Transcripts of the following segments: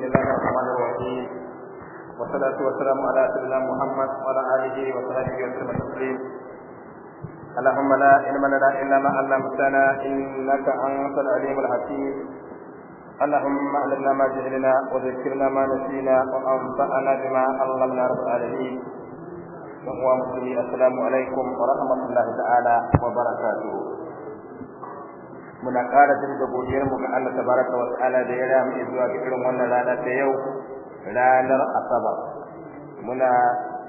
بسم الله الرحمن الرحيم والصلاة والسلام على سيدنا محمد وعلى آله وصحبه وسلم تسليم اللهم لا علم لنا إلا ما علمتنا إنك أنت العليم الحكيم اللهم علمنا ما جهلنا وذكرنا ما نسينا وأنفعنا بما علمنا رب العالمين وهو مسلمين السلام عليكم ورحمة الله تعالى وبركاته muna ƙara da godiyar ga Allah tabaraka wa ta'ala da ya rama zuwa ga irin wannan rana ta yau ranar asabar muna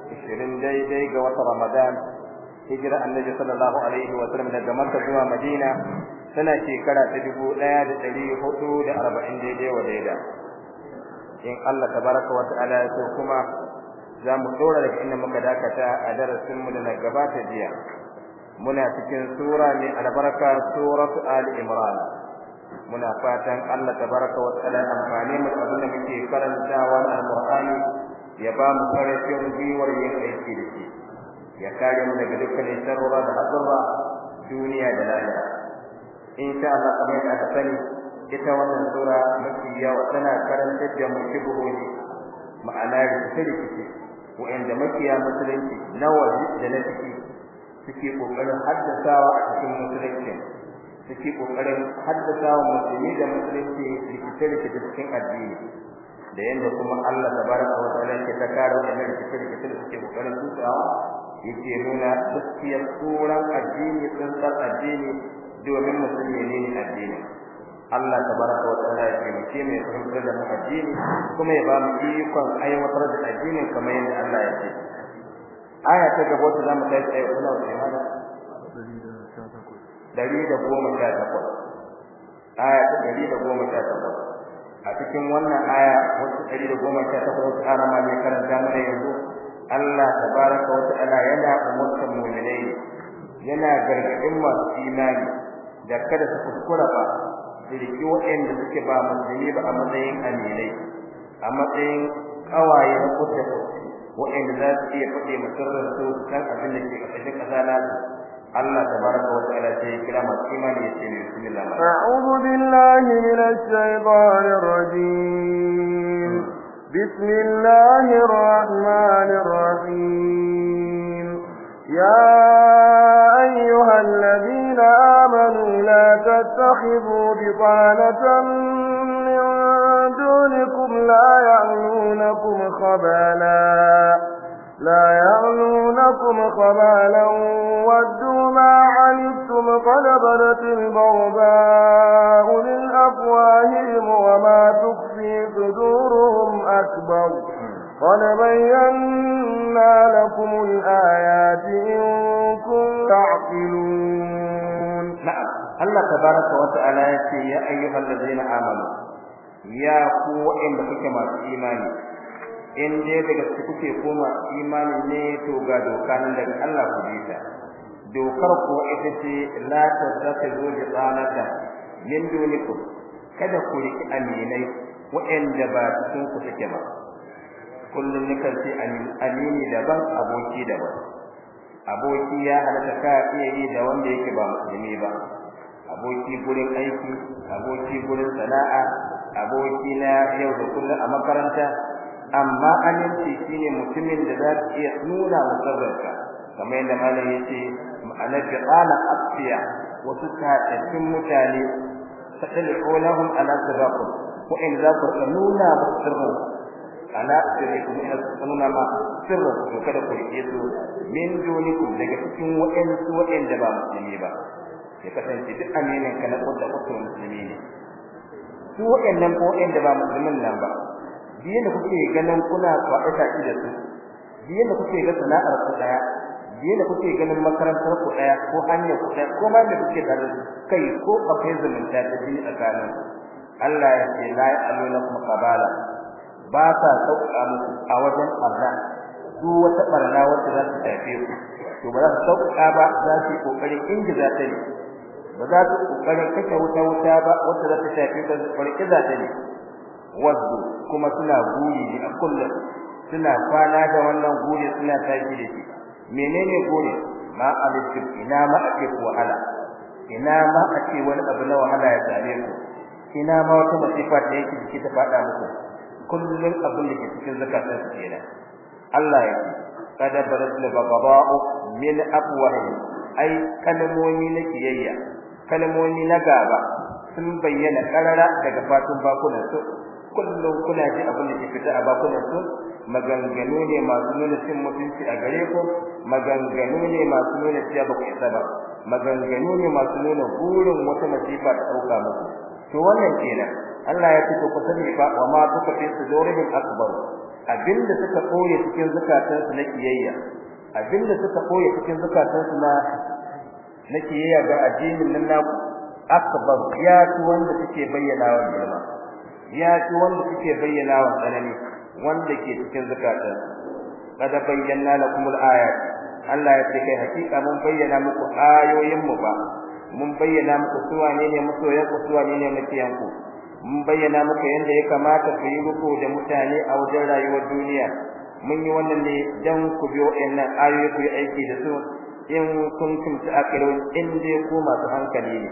20 daidai ga watan Ramadan hijira annabi sallallahu alaihi wa sallam daga Makka zuwa Madina tana shekara ta arba'in daidai wa daida in Allah tabaraka wa ta'ala ya so kuma za mu dora daga inda muka dakata a darasinmu da na gabata jiya muna cikin sura mai albarka suratu ali imran muna fatan Allah tabaraka wa ta'ala amfani mu abin da muke karantawa wa alqur'ani ya ba mu karfin gwiwar yin aiki da shi ya kare mu daga dukkanin sharra da duniya da lahira insha Allah kamar da aka sani ita wannan sura mafi yawa tana karantar da mu ne, ma'ana rikice rikice wa'anda makiya musulunci nawa da na suke kokarin haddasawa a cikin musulunci suke kokarin haddasawa musulmi da musulunci rikice da cikin addini da yanda kuma Allah tabaraka wa ta'ala yake ta kare da mai cikin rikice da suke kokarin tsawa yake nuna gaskiyar tsoron addini tsantsar addini domin musulmi ne addini Allah tabaraka wa ta'ala ya mace mai ya fahimtar da addini kuma ya ba mu ikon aiwatar da addinin kamar yadda Allah ya ce aya ta gaba ta zama ta ayi wannan shahada dari da goma aya ta dari da goma sha takwas a cikin wannan aya wasu dari da goma sha takwas ana ma ne karanta mana yanzu Allah tabaraka wa ta'ala yana umurtan mu'minai yana gargadin masu imani da kada su kuskura ba riki waɗanda suke ba musulmi ba a matsayin aminai a matsayin kawaye na kudda wa'anda za su iya faɗe masarrar su kan abin da ke ƙarƙashin ƙasa nasu Allah tabaraka wa ta'ala sai kira masu imani yace ne bismillah a'udhu billahi minash shaitanir rajim bismillahir rahmanir rahim ya ayyuhal ladina amanu la tattakhidhu bitanatan لا يعلونكم خبالا لا يعلونكم خبالا ودوا ما عنتم قد بدت البغضاء من أفواههم وما تخفي صدورهم أكبر قد بينا لكم الآيات إن كنتم تعقلون نعم الله تبارك وتعالى يا أيها الذين آمنوا ya ku waɗanda kuke masu imani in dai daga su kuke koma imani ne to ga doka nan daga Allah ku bi ta dokar ko ita ce la tattakhudhu bi qanata min dunikum kada ku riki aminai waɗanda ba cikin ku take ba kullum nikan ce amini daban aboki daban aboki ya halaka ka iya yi da wanda yake ba musulmi ba aboki gurin aiki aboki gurin sana'a abokina yau da kullum a makaranta amma aminci shine mutumin da za ka iya nuna musarrafa kamar yadda malam yace ma'anar qala afiya wasu tattakin mutane tadlu lahum ala sirrakum ko in za ku nuna musarrafa ala sirrikum ina nuna ma sirrakum kada ku rike su min dunikum daga cikin wa'in da ba musulmi ba ya kasance duk aminin ka na kudda musulmi ne su waɗannan ko waɗanda ba musulmin nan ba biyan da kuke ganin kuna kwaɗa da su biyan da kuke ga sana'ar ku daya biyan da kuke ganin makarantar ku daya ko hanyar ku daya ko ma da kuke da kai ko akwai zumunta da bi a tsakanin Allah ya ce la ya'aluna kuma Kabala. ba ta sauka musu a wajen Allah su wata barna wacce za ta tafi ku to ba za su sauka ba za su yi inda za ta yi ba za su kokarin kashe wuta wuta ba wanda za ta shafi ka farki za ta ne wasu kuma suna guri a kullum suna kwana da wannan guri suna tashi da shi menene guri ma alikin ina ma ake wahala ina ma ake wani abu na wahala ya same ku ina ma wata masifa da yake ciki ta fada muku kullum abin da ke cikin zakatun su kenan Allah ya kada barat da babao min abwahi ai kalmomi na kiyayya kalmomi na gaba sun bayyana karara daga fatun bakunan su kullum kuna ji abin da ke fita a bakunan su maganganu ne masu nuna cin mutunci a gare ku maganganu ne masu nuna cewa ba ku isa ba maganganu ne masu nuna burin wata masifa ta dauka muku to wannan kenan Allah ya fito kusa ne fa wa ma suka fi sudurihim akbar abinda suka koya cikin zakatansu na kiyayya abinda suka koya cikin zakatansu na na yaya ga addinin nan naku akbar ya ci wanda suke bayyana wa girma ya ci wanda suke bayyana wa tsanani wanda ke cikin zakata kada bayyana lakum al-ayat Allah ya ce kai hakika mun bayyana muku ayoyin mu ba mun bayyana muku suwa ne ne ya ku suwa ne ne muke yanku mun bayyana muku yanda ya kamata ku yi ruku da mutane a wajen rayuwar duniya mun yi wannan ne dan ku biyo ɗan ayoyi ku yi aiki da su in kuntum ta'qilun in dai ku masu hankali ne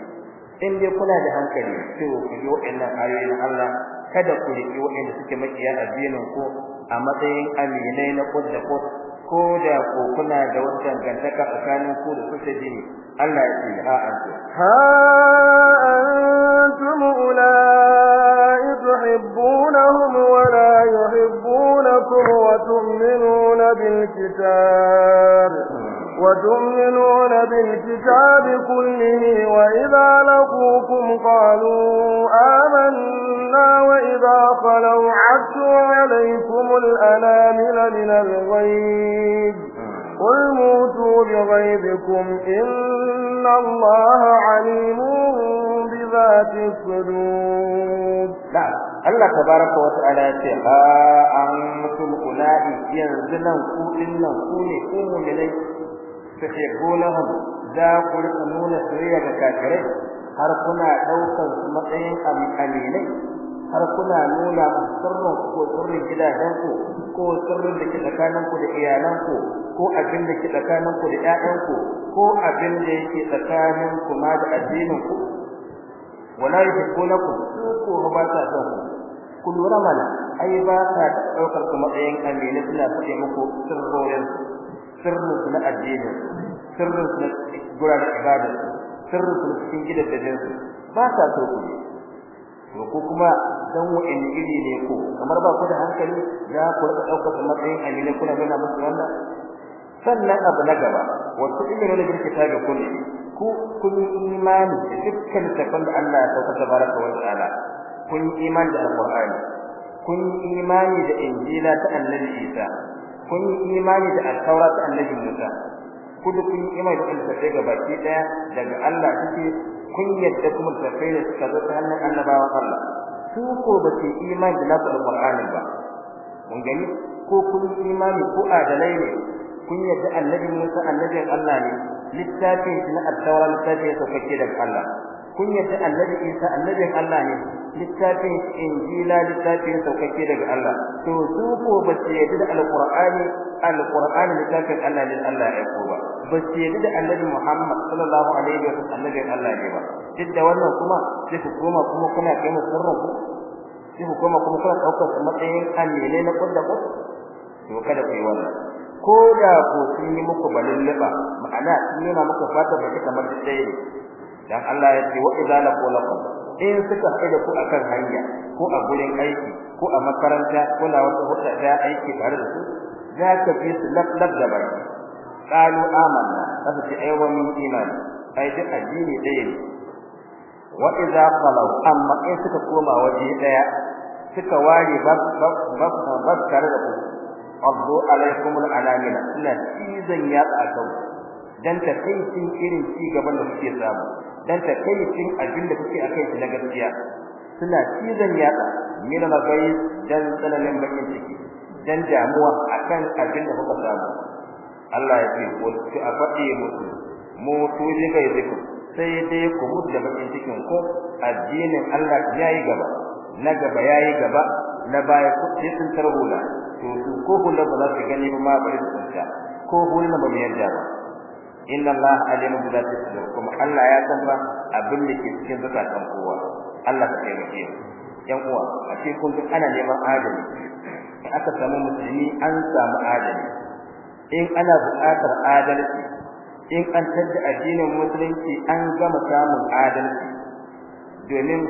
in dai kuna da hankali to ku yi wa'annan ayoyin Allah kada ku yi riki wa'anda suke ya addinin ku a matsayin aminai na kudda ko ko da ko kuna da wata dangantaka tsakanin ku da kuke jini Allah ya ce ha antum ulai tuhibbunahum wa la yuhibbunakum wa tu'minuna bil kitab hmm. وتؤمنون بالكتاب كله وإذا لقوكم قالوا آمنا وإذا خلوا عدوا عليكم الأنامل من الغيب قل موتوا بغيبكم إن الله عليم بذات الصدور نعم tabaraka تبارك وتعالى ya ce ha antum ulai قولنا nan tuhibbunahum za ku rika nuna soyayya ga kafirai har kuna daukar su matsayin aminai har kuna nuna sirrin ko sirrin gidajenku ko sirrin da ke tsakaninku da iyalanku ko abin da ke tsakaninku da ƴaƴanku ko abin da yake tsakaninku ma da addininku wala yuhibbunakum ko ba sa son ku lura mana ai ba sa ɗaukar ku matsayin aminai suna fade muku sirrorin Sirrinsu na addinin sirrin su na gurar ibada sirrinsu su cikin gidajen su ba sa so ku to ko kuma dan wa'in iri ne ko kamar ba ku da hankali za ku rika matsayin amina kuna nuna musu wannan sannan abu na gaba wasu ilmi ne da kitabi kulli ku kun imani dukkan tafan da Allah ya sauka baraka wa ta'ala kun imani da alqur'ani kun imani da injila ta annabi Isa kun yi imani da al-taura annabi Musa kudu kun yi imani da al-taura ga baki daya daga Allah kike kun yadda kuma da suka zo ta hannun annabawa Allah su ko ba su imani da nasu al-Qur'ani ba mun gani ko kun yi imani ko adalai ne kun yadda annabi Musa annabin Allah ne littafin na al-taura littafin ya kake daga Allah kun yadda annabi Isa annabi Allah ne littafin injila littafin saukake daga Allah to su ko ba su yadda da alqur'ani alqur'ani littafin Allah ne Allah ya aiko ba ba su yadda da annabi Muhammad sallallahu alaihi wa sallam annabi Allah ne ba duk da wannan kuma sai ku kuma kuna kai mu sirrin ku sai ku kuma kuna daukar su matsayin ne na da ku to kada ku yi wannan ko da ku sun yi muku balilliba ma'ana sun nuna muku fata ba kamar da ɗaya dan Allah ya ce wa idza laqu in suka da ku akan hanya ko a gurin aiki ko a makaranta ko la wata hudda da aiki tare da su za ka fi su lablab da bai qalu amanna kada ce ai wani imani ai duk addini ɗaya ne wa idza qalu amma in suka koma waje daya suka ware bab bab bab tare da ku addu alaikum alanina ina cizon ya tsakau dan ta kai irin ci gaban da kuke samu dan takaicin abin da kake akai shi na gaskiya suna cizon yatsa mina magai dan tsananin bakin ciki dan damuwa akan abin da kuka samu Allah ya ce ko a faɗi mutu. mu ne kai ziku sai dai ku mutu da bakin cikin ko addinin Allah yayi gaba na gaba yayi gaba na baya ku ce sun tarhula to ko kullu ba za su gani ba ma bari su ko kullu ba mai yarda ba inna allaha alimun bi dhati sudur kuma Allah ya san fa abin da ke cikin zakatan kowa Allah ka taimake mu yan uwa a ce kun ga ana neman adali in aka samu musulmi an samu adali in ana buƙatar adalci in an tada addinin musulunci an gama samun adalci domin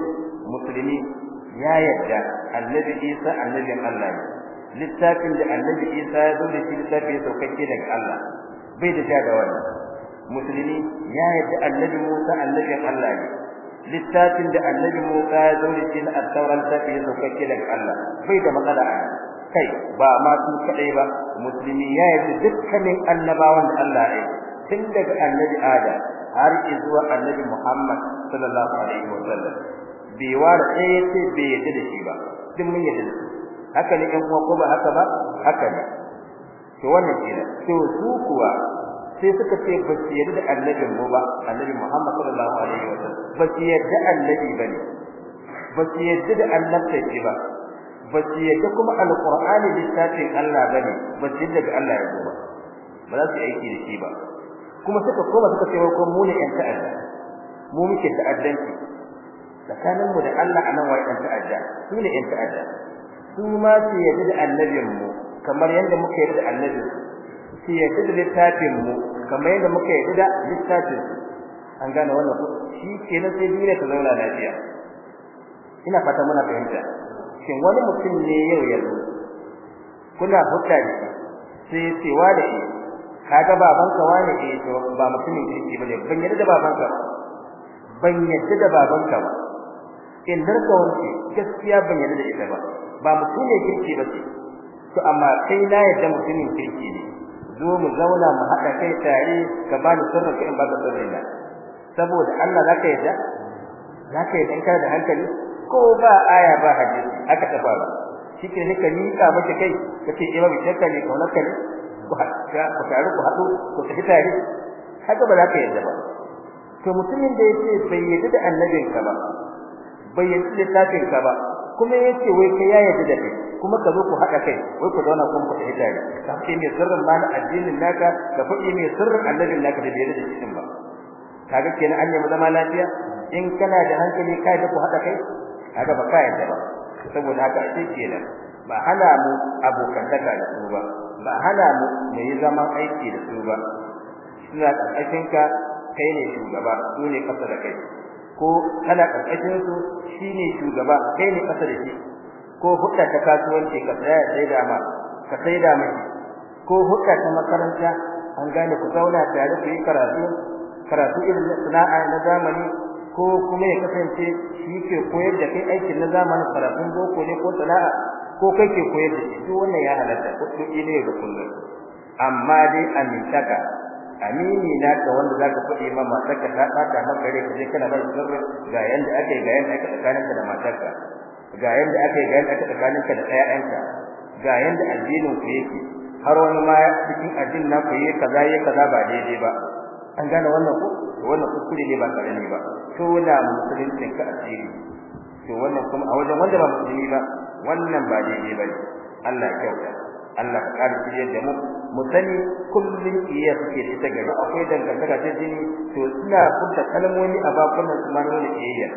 musulmi ya yadda annabi Isa annabin Allah ne littafin da annabi Isa ya zo da shi littafi ya saukake daga Allah bai da ja da wannan musulmi ya yadda annabi Musa annabi Allah ne littafin da annabi Musa ya zaure shi na at-Taurat ta fi zukkake daga Allah bai da matsala kai ba ma su kadai ba musulmi ya yadda dukkanin annabawan da Allah ya tun daga annabi Adam har zuwa annabi Muhammad sallallahu alaihi wasallam bai ware ɗaya sai bai yadda da shi ba duk mun yadda da shi haka ne in kuma ko ba haka ba haka ne to wannan kenan to su kuwa sai suka ce ba su yarda da annabin mu ba annabin Muhammad sallallahu alaihi wasallam ba su yarda annabi bane ba su yarda da annabta shi ba ba su yarda kuma alqur'ani littafin Allah bane ba su yarda da Allah ya zo ba ba za su aiki da shi ba kuma suka koma suka ce ko mu ne yan ta'adda mu muke ta'addanci tsakanin mu da Allah a nan wai yan ta'adda su ne yan ta'adda su ma su yarda da annabin mu kamar yadda muka yadda da annabin su yadda da littafin mu kamar yadda muka yi da littafin an gane wannan ko shi kenan sai duniya ta zauna lafiya ina fata muna fahimta shin wani mutum ne yau yanzu kuna hutta da sai cewa da shi kaga babanka wani ne eh, to ba mutumin kirki bane ban yadda baban ka ban yadda da babanka ba in ka wani gaskiya ban yadda da ita ba ba ne kirki ba ce to amma kai na yadda mutumin kirki ne zo mu zauna mu haɗa kai tare ka ba ni sunan ka in ba ka sunan na saboda Allah za ka yadda za ka yadda in da hankali ko ba aya ba hadisi aka tafa ba shike ne ka nika maka kai ka ce eh, ba mu tsaka ne ko wannan kare ku haɗa ku tare ku haɗu ku tafi tare haka ba za ka yadda ba to mutumin da yake bai yadda da annabinka ba bai yadda da ka ba kuma yake wai ka ya yadda da kai kuma ka zo ku haɗa kai wai ku zauna kun faɗi hidaya ka faɗi mai sirrin mali addinin naka ka faɗi mai sirrin annabin naka da bai da cikin ba kaga kenan an yi zama lafiya in kana da hankali kai da ku haɗa kai kaga ba kai da ba saboda haka ake kenan ba hana mu abokantaka da su ba ba hana mu mu yi zaman aiki da su ba suna ƙarƙashin ka kai ne shugaba su ne ƙasa da kai ko kana ƙarƙashin su shi ne shugaba kai ne ƙasa da shi ko hukka ta kasuwanci ka tsaya sai da ma ka sai da mai ko hukka ta makaranta an gane ku zauna tare ku yi karatu karatu irin sana'a na zamani ko kuma ya kasance shi ke koyar da kai aikin na zamani karatun boko ne ko sana'a ko kai ke koyar da shi duk wannan ya halatta ko duk ne da kullum amma dai amintaka amini na ka wanda zaka fadi ma matarka ta bata maka rai kaje kana bar sirri ga yanda ake ga yanda ake tsakaninka da matarka ga yanda aka yi ga yanda aka tsakaninka da ayyanka, ga yanda addinin ku yake har wani ma cikin addinin ku yake kaza yake kaza ba daidai ba an gane wannan ku wannan kuskure ne ba karami ba to da musulunci ka addini to wannan kuma a wajen wanda ba musulmi ba wannan ba daidai ba Allah ya kyauta Allah ka kare shi da mu mu sani kullun iya suke da gari akwai dangantaka ta jini to ina kunta kalmomi a bakunan su ma ne iya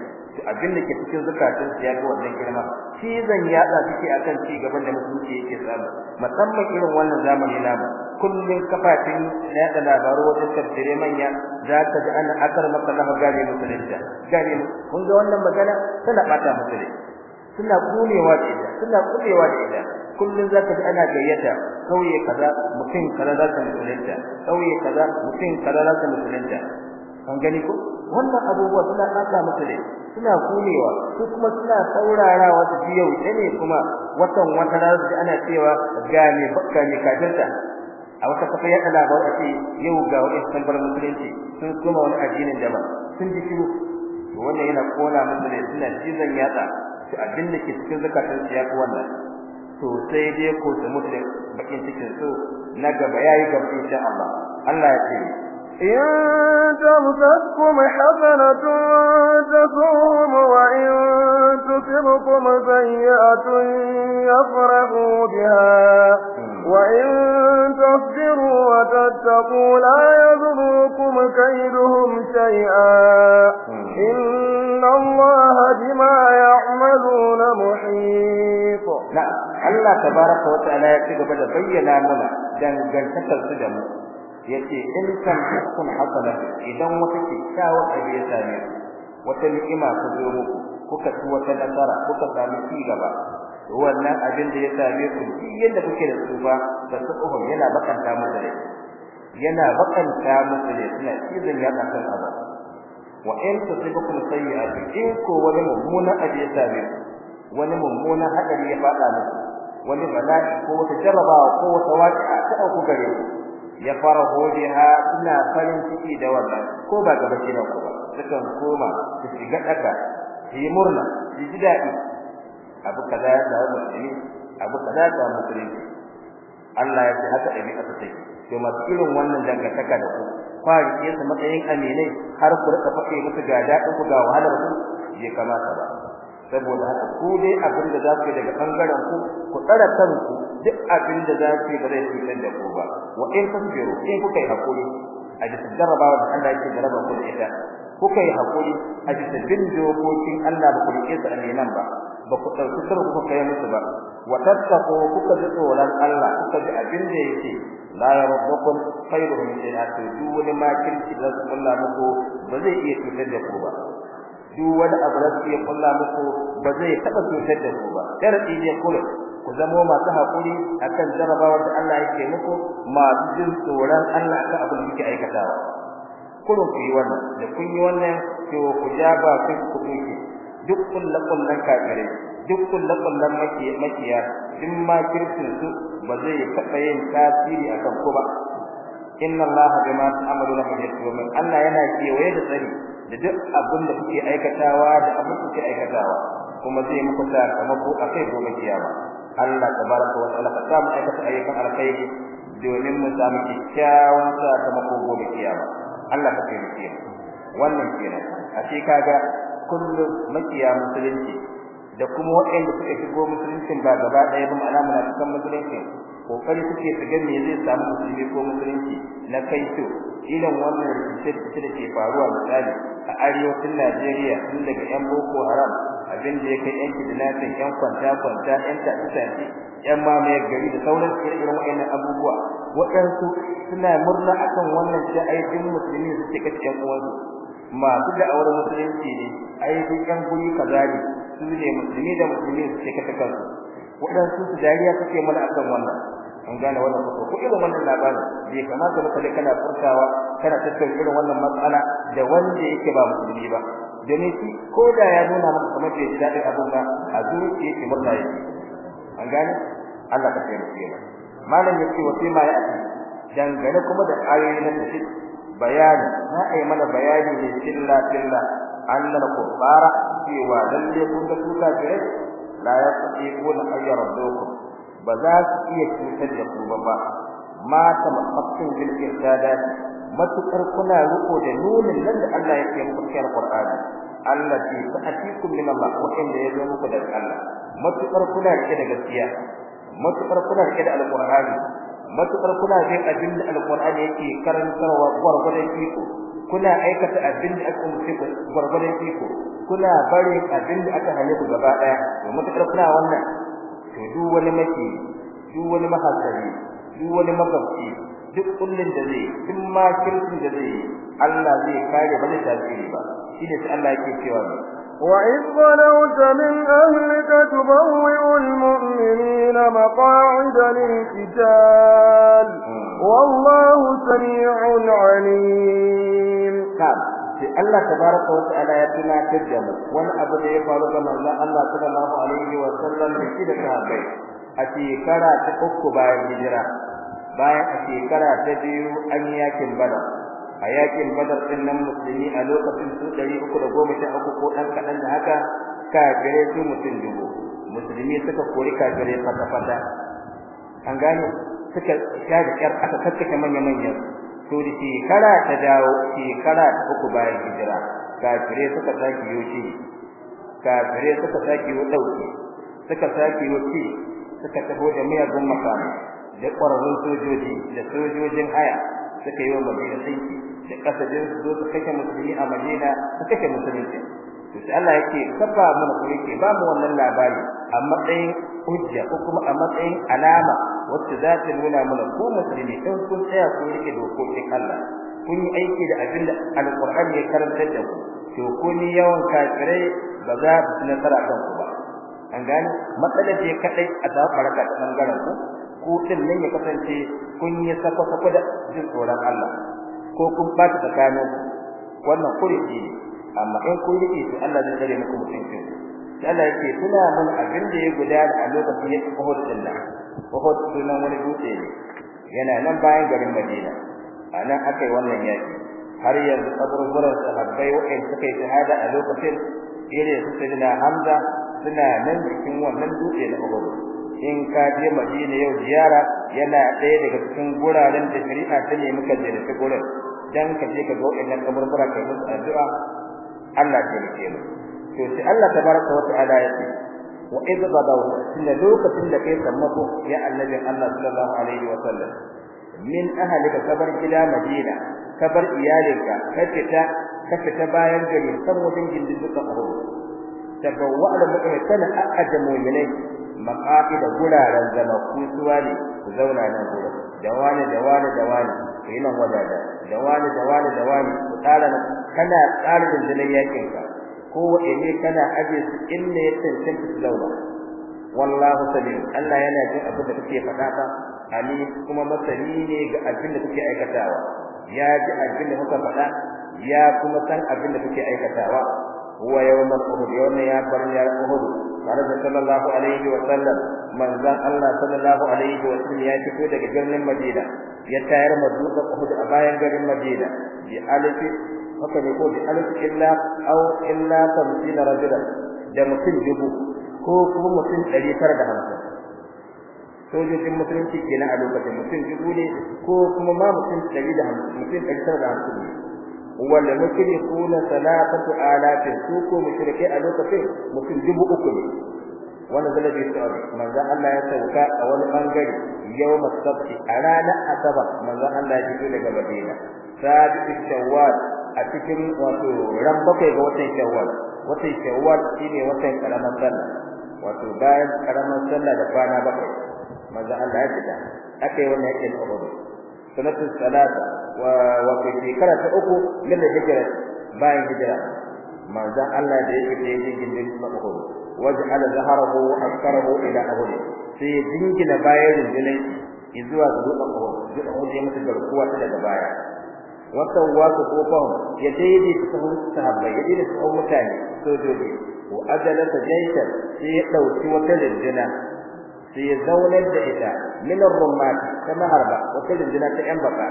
abin da ke cikin zakatun su ya ga wannan girma cizon yatsa a akan ci gaban da musulunci yake samu musamman irin wannan zamani namu kullum kafatin yada labaru wajen tafsire manya za ka ji ana akar maka lafa gane musulunta gari kun ga wannan magana tana bata musulunci suna kulewa da ita suna kulewa da ita kullun zaka ji ana gayyata kauye kaza mutum kaza zaka musulunta kauye kaza mutum kaza zaka musulunta kan gani ko wannan abubuwa suna aka musulunci suna kunewa su kuma suna saurara wata biyau ne kuma watan wata razu ana cewa ga ne bakka ne kafirta a wata kafa ya kala ba ce yau ga wani tambar musulunci sun kuma wani addinin da ba sun ji shiru wannan yana kona musu ne suna cizon yatsa to abin da ke cikin zakatun su ya fi wannan to sai dai ko su mutu bakin cikin su na gaba yayi gaba insha Allah Allah ya ce إن تغفتكم حسنة تسوهم وإن تصبكم سيئة يفرحوا بها وإن تصبروا وتتقوا لا يذروكم كيدهم شيئا إن الله بما يعملون محيط نعم الله تبارك وتعالى يتقبل بينا منا دان جنسك السجن yace in kan kun hasala idan wata kikkiawa abiya same wata ni'ima ta zo muku kuka ci wata nasara kuka sami ci gaba to wannan abin da ya same ku yadda kuke da tsufa da tsufa yana bakanta muku ne yana bakanta muku ne suna izin ya kan abu wa in tusibukum sayyi'atu in ko wani mummuna abiya same wani mummuna hadari ya fada muku wani bala'i ko wata jarrabawa ko wata waqi'a ta auku gare ku ya faraho ha ina farin ciki da wannan ko ba ga bace ba ko ba sukan koma su shiga daga su yi murna su ji dadi abu kaza ya da musulmi abu kaza da musulmi Allah ya ce haka ɗabi'a ta sai to masu irin wannan dangantaka da ku fa rike su matsayin aminai har ku rika fake musu ga dadin ku ga wahalar ku je kamata ba saboda haka ku dai abin da za yi daga bangaren ku ku tsara kanku duk abin da za yi ba zai cutar da ku ba wa in tasbiru in kuka yi hakuri a ji jarrabawa da Allah yake jarraba ku da ita kuka yi hakuri a ji dokokin Allah ba ku rike su a nan ba ba ku ɗauki sirri kuka kai musu ba wa tattaqu kuka ji tsoron Allah kuka ji abin da yake la yarabbukum khairuhum ila tudu wani makirci da Allah muku ba zai iya cutar da ku ba duk wani abu da suke kulla muku ba zai taba cutar da ku ba darasi ne kula ku zamo masu hakuri akan jarabawar da Allah yake muku masu jin tsoron Allah ka abin da kuke aikatawa kullum ku yi wannan da kun yi wannan to ku ba ku ku duke duk kullakullan kafirai duk maki makiya in ma kirkin su ba zai taba yin tasiri akan ku ba inna allaha bima ta'maluna muhit Allah yana kewaye da tsari da duk abin da kuke aikatawa da abin da kuke aikatawa kuma zai muku ko akai gobe kiyama Allah tabaraka wa ta'ala ka mu aikata ayyukan alkhairi domin mu samu kyakkyawan ko gobe kiyama Allah ka taimake mu wannan kenan a ce kaga kullum makiya musulunci da kuma waɗanda suka shigo musulunci ba gaba ɗaya ba ma'ana cikin musulunci kokari kuke su ga me zai samu musulmi ko musulunci na kai to ilan wannan rikice da ke faruwa misali a arewacin Najeriya tun daga yan Boko Haram abin da ya kai yan kidnapping yan kwanta kwanta yan tafi yan mamaye gari da sauran irin wa'annan abubuwa waɗansu suna murna akan wannan da ayyukan musulmi su cika cikin uwansu masu da'awar musulunci ne yan guri kaza ne su ne musulmi da musulmi su ke kansu Waɗansu su dariya suke mana akan wannan an gane wannan ko ko irin wannan labarin bai kamata ba kalle kana furtawa kana tattauna irin wannan matsala da wanda yake ba musulmi ba dane shi ko da ya nuna maka kamar bai ji dadin abin ba a zuciya yake murna yake an gane Allah ka taimake mu malam yake wa sai ma ya dangane kuma da ayoyi na tafi bayani na ai mana bayani ne killa killa annal kuffara cewa lalle kun ga tuka gare la yastati'una an yaraddukum ba za su iya cutar da kuma ba ba ma tamakkun bil irshada matukar kuna riko da nuna nan da Allah yake muku cikin Qur'ani allati ta'tikum min Allah wa inda zo muku daga Allah matukar kuna rike da gaskiya matukar kuna rike da alqur'ani matukar kuna bin abin da alqur'ani yake karantarwa gurgurdan iko kuna aikata abin da aka mutu gurgurdan iko kuna bare abin da aka hane ku gaba daya to mutakar kuna wannan to duk wani mace duk wani mahasari duk wani magabci duk kullun da zai duk ma kirkin da zai Allah zai kare ba zai tasiri ba shine sai Allah yake cewa وإذ ظلوت من أهلك تبوئ almu'minina مقاعد للقتال hmm. wallahu سميع 'alim sai Allah tabaraka wa ta'ala ya tuna da mu wani abu da ya faru ga manzon Allah sallallahu alaihi wa sallam da shi da bai a shekara ta uku bayan hijira bayan a shekara ta biyu an yakin badar a yakin badar din nan musulmi a lokacin su uku ko dan kadan da haka kafirai su mutum dubu musulmi suka kori kafirai fata fata an gane suka shaga kyar aka kakkake manya manyan to da shekara ta dawo shekara ta uku bayan hijira kafire suka saki yoci kafire suka saki yau dauki suka saki yoci suka taho da miyagun maka, da ƙwararrun sojoji da sojojin haya suka yi wa Madina sinki da kasajin su zo su kashe musulmi a Madina su kake musulmi to sai Allah yake kafa mana ko yake ba mu wannan labari amma dai hujja ko kuma a matsayin alama wacce za ta nuna mana ko musulmi ɗan kun tsaya ko rike dokokin Allah kun yi aiki da abin da alƙur'an ya karanta da ku to kun yawan kafirai ba za su nasara kan ku ba an gane matsalar da ya kaɗai a za faraka ta ɓangaren ku ko ɗin nan ya kasance kun yi sako sako da jin tsoron Allah ko kun ba ta tsakanin wannan ne amma in kun rike shi Allah zai dare muku mutuncin Allah yake tuna mun abin da ya guda a lokacin Uhud din nan Uhud din nan wani dutse ne yana nan bayan garin Madina anan akai wannan yaki har yanzu kaburburan sahabbai wa'in suka yi shahada a lokacin irin su sayyidina Hamza suna nan cikin wannan dutse na Uhud in ka je Madina yau ziyara yana ɗaya daga cikin guraren da shari'a ta ne muka je da gurin dan ka je ka ga wa'annan kaburbura kai musu addu'a Allah ya rike mu to sai Allah tabaraka wa ta'ala ya ce wa idh badaw tunda lokacin da kai sammako ya annabi Allah sallallahu alaihi wa sallam min ahlika kabar gida madina kabar iyalinka ka fita ka fita bayan gari san wajen gindin duka abu tabawwa al mu'mina aqada mu'minai maqaqida guraren zama suwa ne ku zauna nan gura dawani dawani dawani kai nan wadada dawani dawani dawani ku kana kana tsarin jinin yakin ka ko ne kana aje su inda ya tantance su zauna wallahu salim Allah yana jin abin da kake faɗa ba ali kuma masani ne ga abin da kake aikatawa ya ji abin da kuka faɗa ya kuma san abin da kake aikatawa huwa yawmal uhud yawma ya bar ya uhud tare da sallallahu alaihi wa sallam manzon Allah sallallahu alaihi wa sallam ya fito daga birnin Madina ya tayar mazuka Uhud a bayan garin Madina bi alifi haka ne ko bi alifi illa aw illa tamsin rajulan da mutum dubu ko kuma mutum 950 sojojin musulunci kenan a lokacin mutum dubu ne ko kuma ma mutum 150 mutum 950 wanda mushriku na salatu alafin su ko ke a lokacin mutum dubu uku ne wanda zai bi sauri manzon Allah ya sauka a wani bangare yawm as-sabt a ranar asabar manzon Allah ya fito daga Madina sabi shawwal a cikin wato ran bakwai ga watan shawwal watan shawwal shine watan karamar sallah wato bayan karamar sallah da kwana bakwai manzo Allah ya fita akai wannan yake tsoro sanatu salata wa wa shekara ta uku lilla hijira bayan hijira manzo Allah da yake da yake gindin tsoro waj'ala zaharahu askarahu ila abudi sai dingina bayan rijilin zuwa ga dukkan kowa duk wanda ya mutu garkuwa ta daga baya wa sawwatu kufahum ya daidai ta sahun sahabbai ya daidai sahun mutane sojoji wa ajala tajaitan shi ya dauki wata rijina sai ya zaunar da ita min ar-rummat ta maharba wata rijina ta yan baka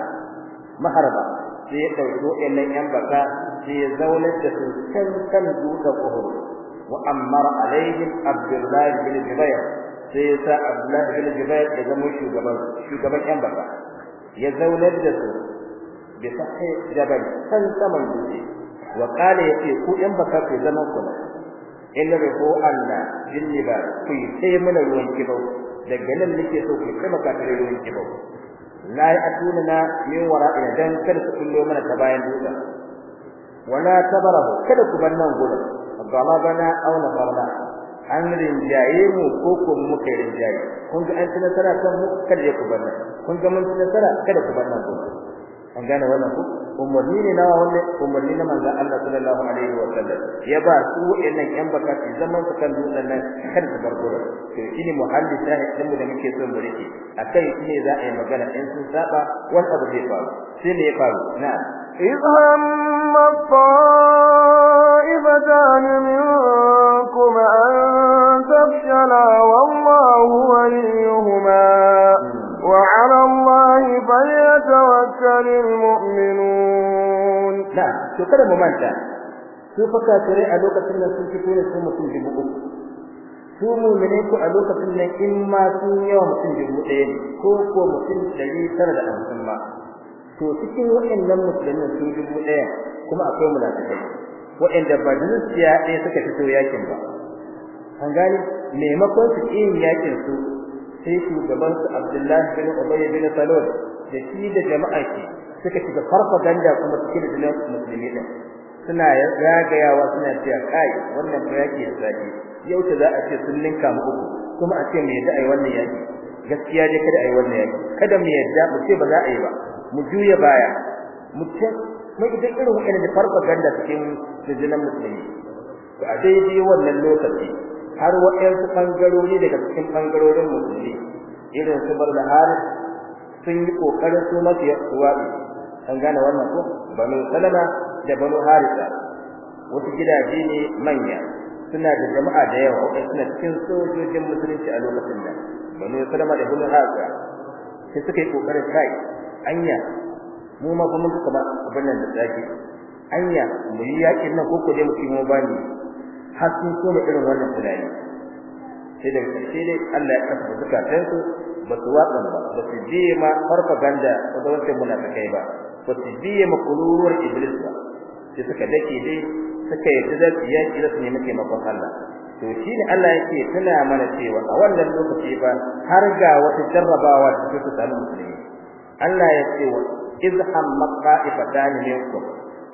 maharba sai ya dauki wayannan yan baka sai ya zaunar da su kan kan dutsen uhud wa amara alaihim abdullah bin ya sa abdullah bin jubair zama shugaban shugaban baka ya zaunar da su bi sahi jabal san saman dutse wa qala yace ku yan baka ku zama kula illa bi ko Allah jinni ba ku sai mana ruwan kibau daga nan nake so ku kai maka tare ruwan kibau la min dan kada su kullo mana ta bayan dutse wala tabarahu kada ku bar nan bana aw nafarna an rinjaye mu ko ko muka rinjaye kun ga an ci nasara kan mu kada ya kubanna kun ga mun ci nasara kada kubanna ku an gane wannan ku umarni ne na wannan umarni na manzo Allah sallallahu alaihi wa sallam ya ba su wayannan yan bakati zaman su kan dutsen nan kan su bar gurin to shine muhalli sai din mu da muke son mu rike akai ne za a yi magana in sun saba wannan abu zai faru sai ne ya faru na izhamma طائفتان منكم أن تفشلا والله وليهما وعلى الله فليتوكل المؤمنون نعم شكرا ممانتا su faka a lokacin da sun fito ne su a lokacin da in ma sun yawa mutum dubu ɗaya ne ko ko mutum ɗari tara da hamsin ma to cikin waɗannan mutumin sun dubu ɗaya kuma akwai munafikai waɗanda ba zuciya ɗaya suka fito yakin ba an gani. maimakon su yin yakin su sai shugaban su Abdullahi bin Ubay bin Salul da shi da jama'a ke suka shiga farfaganda kuma suke da jinin musulmi ɗin suna zagayawa suna cewa kai wannan ba yake yau ta za a ce sun ninka mu uku kuma a ce me yadda ai wannan yaki gaskiya dai kada ai wannan yaki kada mu yadda mu ce ba za a yi ba mu juya baya mu ce. na idan irin da wa'annan farfaganda cikin jinan musulmi to a dai dai wannan lokaci har su bangarori daga cikin bangarorin musulmi irin su da har sun yi kokarin su masu yakuwa an gane wannan ko banu salama da banu harisa wasu gidaje ne manya suna da jama'a da yawa wanda suna cikin sojojin musulunci a lokacin da banu salama da banu harisa sai suka yi kokarin kai anya mu ma kuma muka ba abin nan da tsaki anya mu yi yakin nan ko dai muke mu bani har sun so mu irin wannan tunani sai da sai dai Allah ya kafa zakatun su ba su wakan ba ba su biye ma ganda ko da wancan kai ba ba su biye ma kuluruwar iblis ba sai suka dake dai suka yi da yaki da su ne muke makon Allah to shine Allah yake tana mana cewa a wannan lokaci ba har ga wata jarrabawa da take samu musulmi Allah ya ce iz hammat qa'ifatan minkum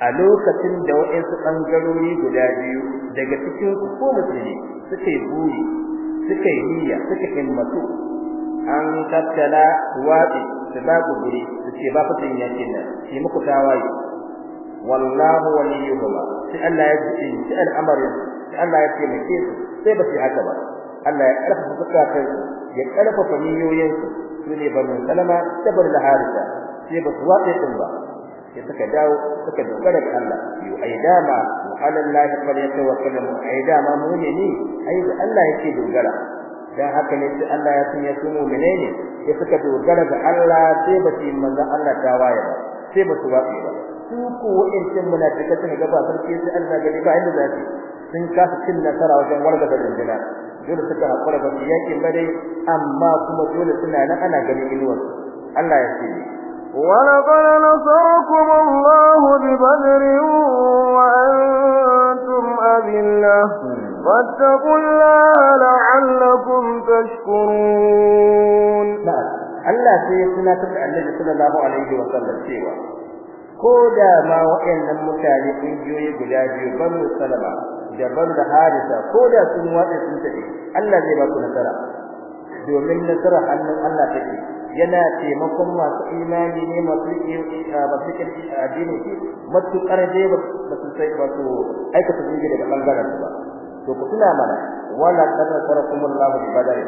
a lokacin da wa'ansu bangarori guda biyu daga cikin ko musulmi suka yi buri suke yi niyya suke himmatu an tattala waɗi su ba ku guri su ce ba fasin yakin nan shi muku tawaye wallahu waliyuhuma sai Allah ya ji shi al'amarin sai Allah ya taimake su sai ba su haka ba Allah ya karfafa zakatun ya karfafa niyoyin su sune banu salama tabar da harisa sai ba su watsa din ba sai suka dawo suka dogara ga Allah yu aidama ala Allah fal yatawakkal al aidama mu'mini ai da Allah yake dogara dan haka ne sai Allah ya sanya su mu'mine ne sai suka dogara ga Allah sai ba su manzo Allah tawaye ba sai ba su watsa ba su ko wa'ancin munafika sun ga ba sarki sai Allah ga ba inda zai sun kasa cin nasara wajen warga da dindina dole suka hakura ba yakin ba dai amma kuma dole suna nan ana ganin inuwar Allah ya ce ولقد نصركم الله ببدر وأنتم أذلة فاتقوا الله لعلكم تشكرون لا ألا سيسنا تفعل الذي صلى الله عليه وسلم سيوا كودا ما وإن المتالق يجوي بلادي بنو السلمة جبن الحادثة كودا سنوات سنتهي ألا زي ما كنا ترى يومين نترى حنو ألا تكيه yana taimakon masu imani ne masu masu addini matukar dai ba su aikata zunubi daga bangaren ba to ku tuna mana wala qadarakumullahu bi badari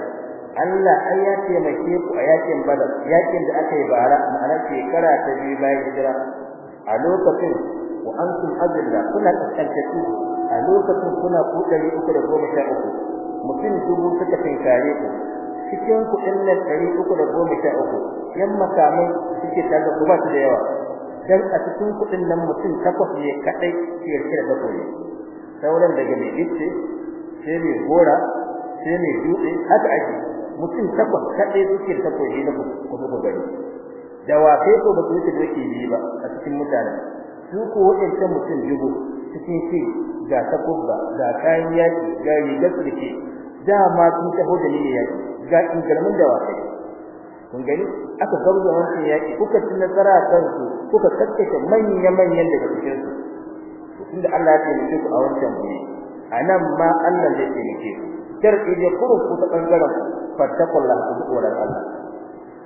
Allah ai ya taimake ku a yakin badar yakin da aka yi bara ma'ana shekara ta biyu bayan hijira a lokacin wa antum azilla kuna kaskantatu a lokacin kuna ku 313 mutum dubu suka tinkare ku cikin kuɗin nan ɗari uku da goma sha uku yan makamai suke tare da su da yawa dan a cikin kuɗin nan mutum takwas ne kaɗai ke yarke da takoyi sauran daga mai gitse sai mai gora sai mai dutse haka ake mutum takwas kaɗai suke na da kuma gari da wafe ko ba su yi da ke yi ba a cikin mutane su ko wadanda mutum dubu, cikin shi ga takubba ga kayan yaki ga rigar da ke dama sun taho ni yayi ga ingarmin da wata kun gani aka gauza wannan yayi kuka ci tsara kan su kuka kakkace manyan manyan daga cikin su tunda Allah ya taimake ku a wancan ne anan ma Allah zai taimake ku shar'i ne kurun ku ta bangaren fattakullaha ku tsoron Allah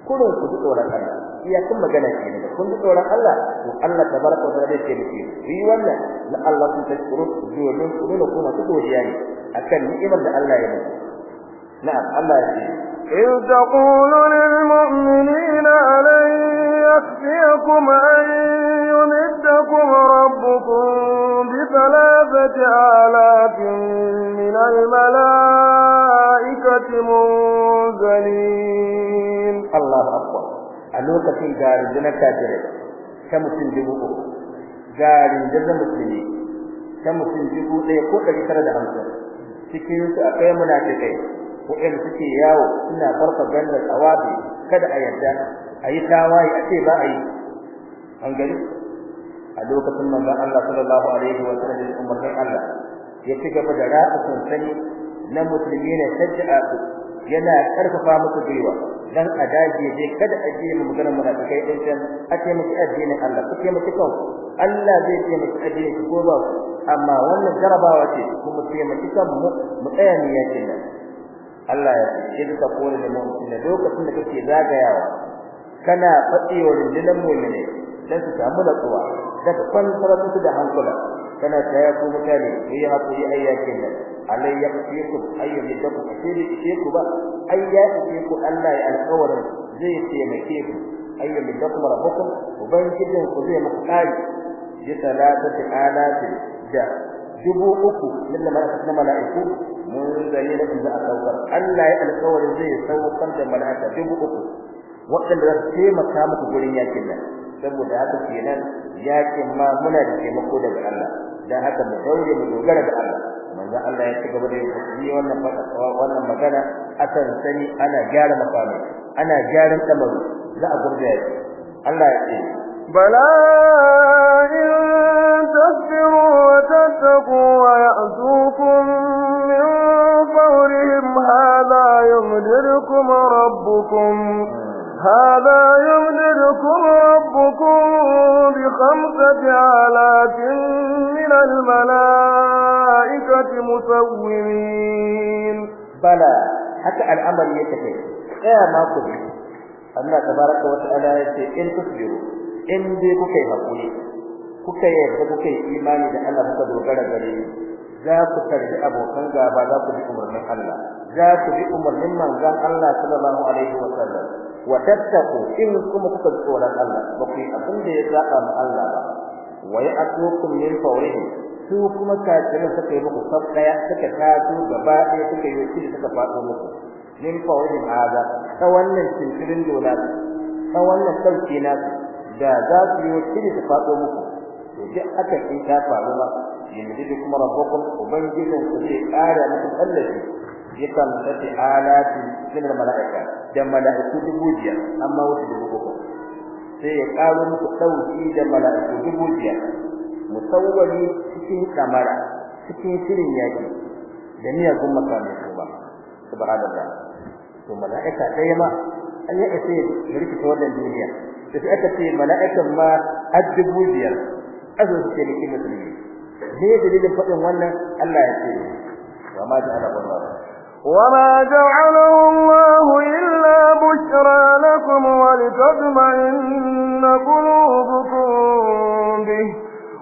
kurun ku tsoron Allah iyakan magana ke ne kun ji tsoron Allah to Allah tabaraka wa ta'ala ke miki yi wannan la Allah kun tashkuru domin ku nuna kuma ku godiya ne akan ni'imar da Allah ya miki na'am Allah ya ce إذ تقول للمؤمنين ألن يكفيكم أن يمدكم ربكم بثلاثة آلاف من الملائكة منزلين lokacin ga na kafirai ta mutum dubu uku ga rundunar musulmi ta mutum dubu ɗaya ko ɗari tara da hamsin cikin su akwai munafikai waɗanda suke yawo suna farfa ganda tsawabi kada a yarda a yi tawaye a ce ba a yi an gari a lokacin manzon Allah sallallahu alaihi wa sallam umarnin Allah ya ci gaba da ra'a sansani na musulmi ne tajja'a yana karfafa muku gwiwa dan a dage dai kada a je mu magana muna kai din can a ce muku addinin Allah ku muku kau Allah zai ce muku addinin ku ko ba amma wannan jarabawa ce kuma ce muku kan mu mu tsaya ne yake nan Allah ya ce ka kore da mu ne lokacin da kake zagayawa kana fatiwa rindinan mu'mini dan su samu natsuwa daga kwantar musu da hankula tana taya ku mutane ku yi hakuri ayyakin nan alai ya fi ku ayyam da ku kasiri ke ku ba ayyaki ku Allah ya alƙawarin zai taimake ku ayyam da ku rabbukum ubangijin ku zai muku kari bi salatati alati da dubu uku lalla malaka malaiku mun zai da za a saukar Allah ya alƙawarin zai saukar da malaika dubu uku waɗanda za su taimaka muku gurin yakin nan saboda haka kenan yakin ma muna da taimako daga Allah dan haka mu daure mu dogara da Allah manzo Allah ya cigaba da yi wannan wannan magana akan sani ana gyara mafami ana gyaran kamaru za a gurbe Allah ya ce bala in tasbiru wa tattaqu wa ya'zukum min fawrihim hadha yumdirukum rabbukum هذا يمددكم ربكم بخمسة آلاف من الملائكة مسومين بلى حتى الأمر يتكي يا ما قبل الله تبارك وتعالى إن تصبروا إن دي كي هقولي kuka yarda إيماني yi imani da za ku tarbi abokan gaba za ku bi umarnin Allah za ku bi umarnin manzon Allah sallallahu alaihi sallam wa tattaqu in kuma kuka tsoron Allah ba ku abin da ya saba ma Allah ba wa ya'tukum min fawrihi su kuma kafirin suka yi muku sab daya suka taso gaba ɗaya suka yi shi suka faɗo muku min fawrihi hada ta wannan cikin dola ta wannan sauki na da za su yi shi suka faɗo muku to duk aka yi ta faru ba يمدد كما ربكم وبنجد سبيل آلة متخلفة يقام ذات آلات من الملائكة دم ملائكة دبوجيا أما وسط في سيقال متوجي دم ملائكة دبوجيا متولي سكين كامارا سكين سرين ياجي جميع كما كان يكتبا سبحان الله ثم ملائكة دايما أن يأتي يريد تولى الدنيا إذا أتت ملائكة ما الدبوجيا أذن سكين كلمة me dalilin fadin wannan Allah ya ce wa ma ja'ala Allah wa ma ja'ala Allah illa bushra lakum wa litatma'inna qulubukum bihi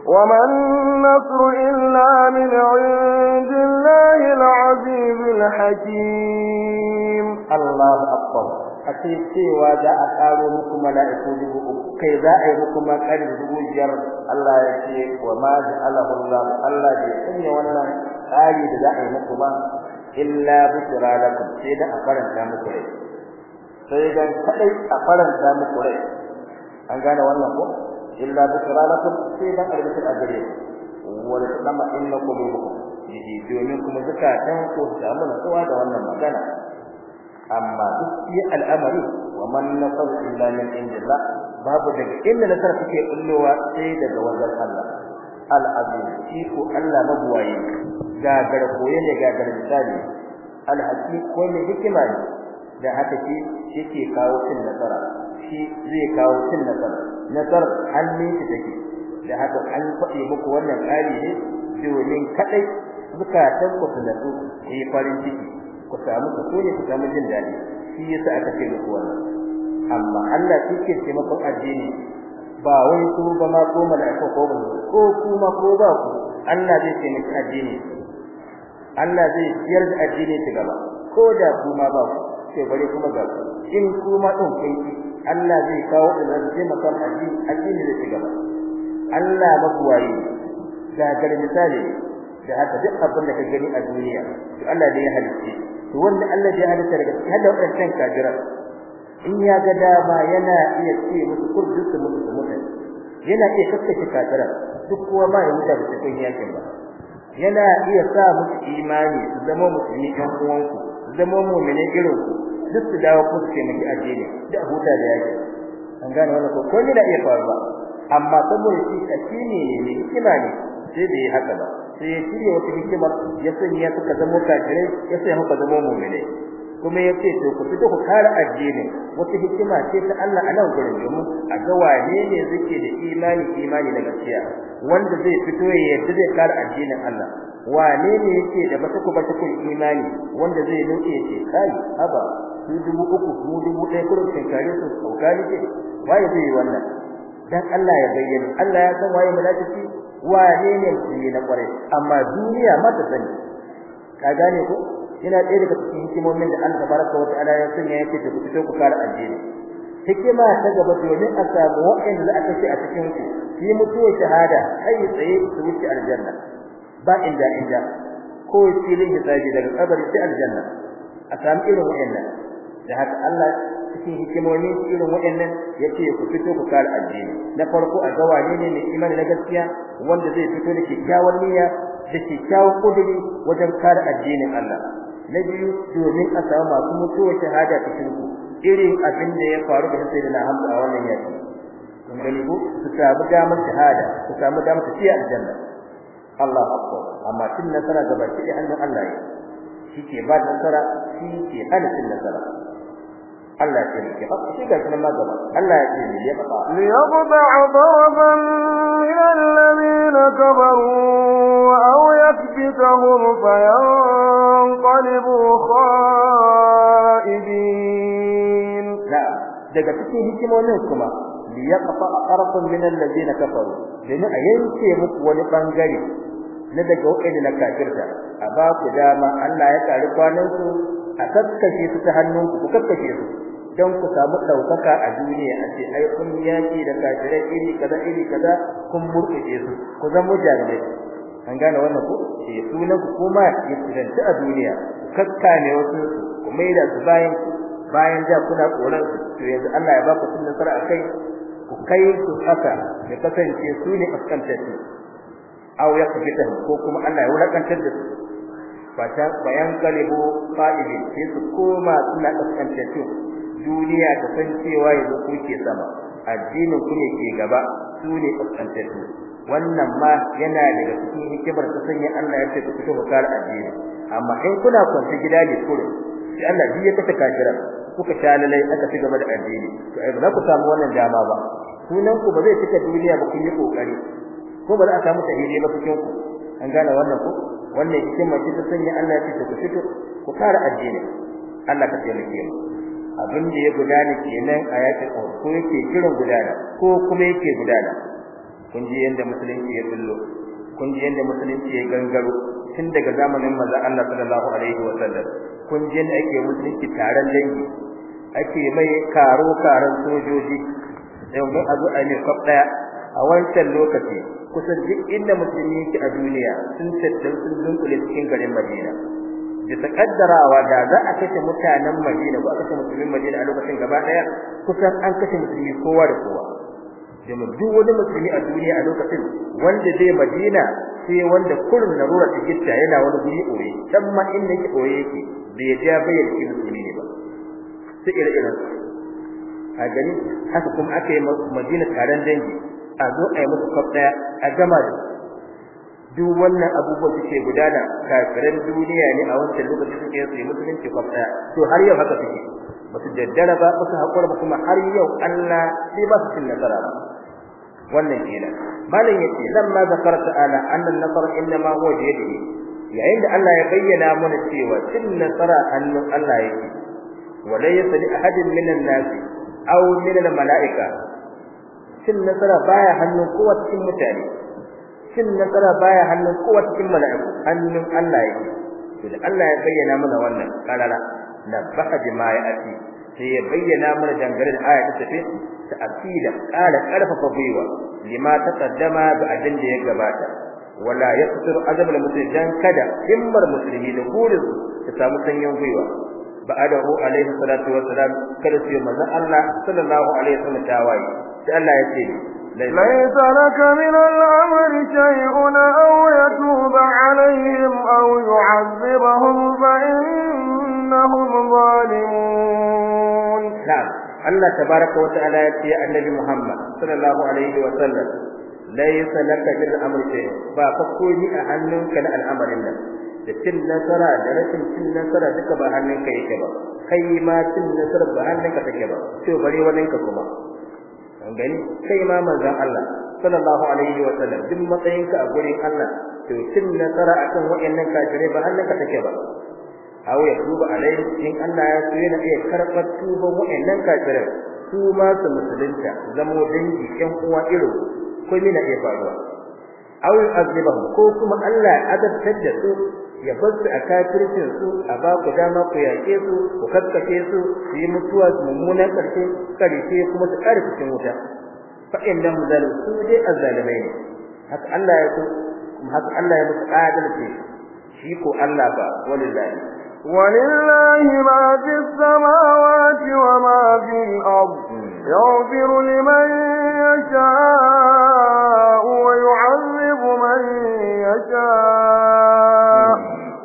وما النصر إلا من عند الله العزيز الحكيم الله أكبر ake cewa za a karo muku mala'iku dubu uku kai za a yi muku makari dubu biyar Allah ya ce wa ma ja'alahu Allah Allah bai sanya wannan tsari da za a yi muku ba illa bukra lakum sai da a faranta muku rai sai dan kadai a faranta muku rai an gane wannan ko illa bukra lakum sai dan gare ajri wal tamma innakum bi domin kuma zakatan ku samu tsawa da wannan magana amma duk shi al'amari wa man nasar illa min babu daga inda nasara take kullowa sai daga wajen Allah al-azim shi ko Allah mabuwaye gagar koye ne gagar misali al ko ne hikima ne da haka shi yake kawo cin nasara shi zai kawo cin nasara nasar hannun shi take da haka an faɗi muku wannan kari ne domin kadai zukatan ku su natsu yi farin ciki ku samu ku sukuni ku samu jin daɗi shi yasa aka ce muku wannan amma Allah shi ke taimakon addini ba wai ku ba ma ko mala'ika ko ba ko kuma ko ba ku Allah zai taimaki addini Allah zai ciyar da addini ta gaba ko da kuma ba ku sai bare kuma ga ku in kuma din kai Allah zai kawo idan taimakon addini addini da ta gaba Allah makuwayi da misali da haka duk abin da ka gani a duniya to Allah ne ya halicce to wanda Allah ya halitta daga cikin hada wadannan kafiran in ya ga dama yana iya ce musu kurdu su mutu mutane yana iya kakkace kafiran duk kowa ba ya mutu kai yakin ba yana iya sa musu imani su zama musulmi kan uwanku su zama mu'mini irin ku duk su dawo ku ce miki addini da huta da yake an gane wannan ko ko da iya faruwa amma saboda shi ne ne kina ne sai da haka ba sai ya shirya wata hikimar ya sanya suka zama kafirai ya sanya suka zama mu'mini kuma yace to ku fito ku kare addini wata hikima ce ta Allah a nan gurin domin a ga wane ne zake da imani imani na gaskiya wanda zai fito ya yadda zai kare addinin Allah wane ne yake da bata ku bata imani wanda zai nuke ce kai haba su dubu uku su dubu ɗaya kurin kankare su sauka ke waye zai yi wannan dan Allah ya bayyana Allah ya san waye munafiki wane ne musulmi na kwarai amma duniya ma ta sani ka gane ko yana ɗaya daga cikin hikimomin da Allah baraka wa ta'ala ya sanya yake da kuka ku fara addini hikima ta gaba domin a samu wa'in da aka ce a cikin ku yi mutuwar shahada kai tsaye su wuce aljanna ba inda inda ko filin hisabi daga kabari sai aljanna a samu irin nan. da haka Allah cikin hikimomi irin waɗannan yace ku fito ku kare addini na farko a gawa ne ne mai imani na gaskiya wanda zai fito da kyakkyawar niyya da kyakkyawar kudiri wajen kare addinin Allah na biyu domin a samu masu mutuwa shahada cikin ku irin abin da ya faru da na Hamza a wannan yaki kun gani ku su samu damar shahada su samu damar tafiya aljanna Allah akbar amma tun nasara gaba ciki, annan Allah ya shi ke ba nasara shi ke cin nasara Allah ya ce ba shi ga kuma magana Allah ya ce ya faɗa li yaqda daraban min alladhina kafaru aw yakbitahum fayanqalibu khaibin daga cikin hikimomin kuma li yaqta tarafan min alladhina kafaru dan ayanke muku wani bangare na daga wa'ida na kafirta a ba ku dama Allah ya kare kwanan su a kakkashe su ta hannunku ku kakkashe su don ku samu daukaka a duniya a ce ai kun yaki da kafirai iri kaza iri kaza kun murƙe su ku zama jarumai an gane wannan ku? eh sunan ku kuma ya tsiranta a duniya kakkane wasu ku maida su bayan bayan da kuna koran to yanzu Allah ya baka ku sunan sara akai ku kai su haka ya kasance su ne askantaci aw yaqbitahu ko kuma Allah ya wulakantar da su bayan kalibu fa'ili sai su koma suna su duniya ta san cewa yanzu kuke sama addinin ku ne ke gaba su ne su wannan ma yana daga cikin hikimar ta sanya Allah ya ce ku fito ku kare addini amma in kuna kwanta gida ne kurum sai Allah ji ya kasa kafira kuka talalai aka ci gaba da addini to ai ba ku samu wannan dama ba sunan ku ba zai cika duniya ba kun yi kokari ko ba za a samu tahiri ba cikin ku an gane wannan ko wannan cikin mace ta sanya Allah ya ce ku fito ku fara addini Allah ka ce miki abin da ya gudana kenan a yake ko ko yake kiran gudana ko kuma yake gudana kun ji yanda musulunci ya bullo kun ji yanda musulunci ya gangaro tun daga zamanin manzo Allah sallallahu alaihi wa sallam kun ji yanda ake musulunci taron dangi ake mai karo karan sojoji yau don a zo ne daya a wancan lokaci kusan duk inda musulmi yake a duniya sun tattau sun dunkule cikin garin Madina da kaddarawa da za a kashe mutanen Madina ko a kashe musulmin Madina a lokacin gaba daya kusan an kashe musulmi kowa da kowa domin duk wani musulmi a duniya a lokacin wanda zai Madina sai wanda kullun larura ta gitta yana wani guri ɓoye, dan ma inda yake ɓoye yake bai ja bayyana cikin musulmi ne ba sai ire-iren a gani haka kuma aka yi Madina taron dangi a zo a yi musu kwaf ɗaya a gama da duk wannan abubuwan suke gudana kafiran duniya ne a wancan lokacin suke su yi musulunci kwaf ɗaya to har yau haka suke ba su daddara ba ba su haƙura ba kuma har yau Allah sai ba su cin nasara ba wannan kenan malam yace lamma zakara ta'ala annan nasara innama huwa bi yadihi yayin da Allah ya bayyana mana cewa cin nasara hannun Allah yake wa la yasli ahadin minan nasi aw minal mala'ika cin nasara baya hannun kowa cikin mutane cin nasara baya hannun kowa cikin mala'iku hannun Allah yake to da Allah ya bayyana mana wannan karara na baka bima ya ati sai ya bayyana mana dangane da aya ta tafi ta aqida kala karfafa gwiwa lima taqaddama bi ajin da ya gabata wala yaqtir azabul muslimin kada himmar muslimi da gurin ta samu sanyin gwiwa ba'adahu alaihi salatu wassalam kada sai manzon Allah sallallahu alaihi wasallam tawaye sai Allah ya ce laisa laka min al-amr shay'un aw yatuba alayhim aw yu'adhibuhum fa innahum zalimun Allah tabaaraka baraka wata ya ce annabi Muhammad sallallahu alaihi wa sallam laisa laka min al ba fa a hannunka na al nan da cin nasara da rashin cin nasara duka ba hannunka yake ba kai ma cin nasara ba hannunka take ba to bari wannan ka kuma gani kai ma manzon Allah sallallahu alaihi wa sallam duk matsayinka a gurin Allah to kin nasara akan wayannan kafirai ba ka take ba hawo ya tuba alai in Allah ya so yana iya karɓar tuban wayannan kafirai su ma su musulunta zamo dangi 'yan uwa iro ko mina iya faruwa aw azibahu ko kuma Allah ya azabtar da su ya basu a kafircin su a ba ku dama ku yake su ku kakkace su su yi mutuwa su mummunan karshe karshe kuma su ƙara cikin wuta fa innam zalim su dai azzalimai ne haka Allah ya ku haka Allah ya musu adalci shi ko Allah ba wallahi ولله ما في السماوات وما في الأرض يغفر لمن يشاء ويعذب من يشاء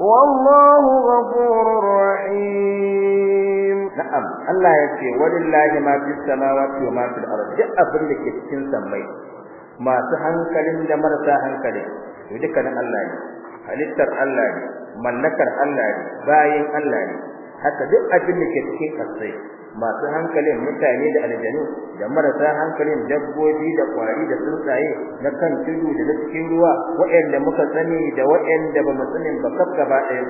والله غفور رحيم نعم الله يكفي ولله ما في السماوات وما في الأرض جاء فرلك السنسان بي ما سهنكلم لمرسا هنكلم ودكنا الله يكفي halittar Allah ne mallakar Allah ne bayin Allah ne haka duk abin da ke cikin kasai masu hankalin mutane da aljanu da marasa hankalin dabbobi da kwari da tsuntsaye na kan tudu da cikin ruwa waɗanda muka sani da waɗanda ba mu sani ba kaf gaba ɗaya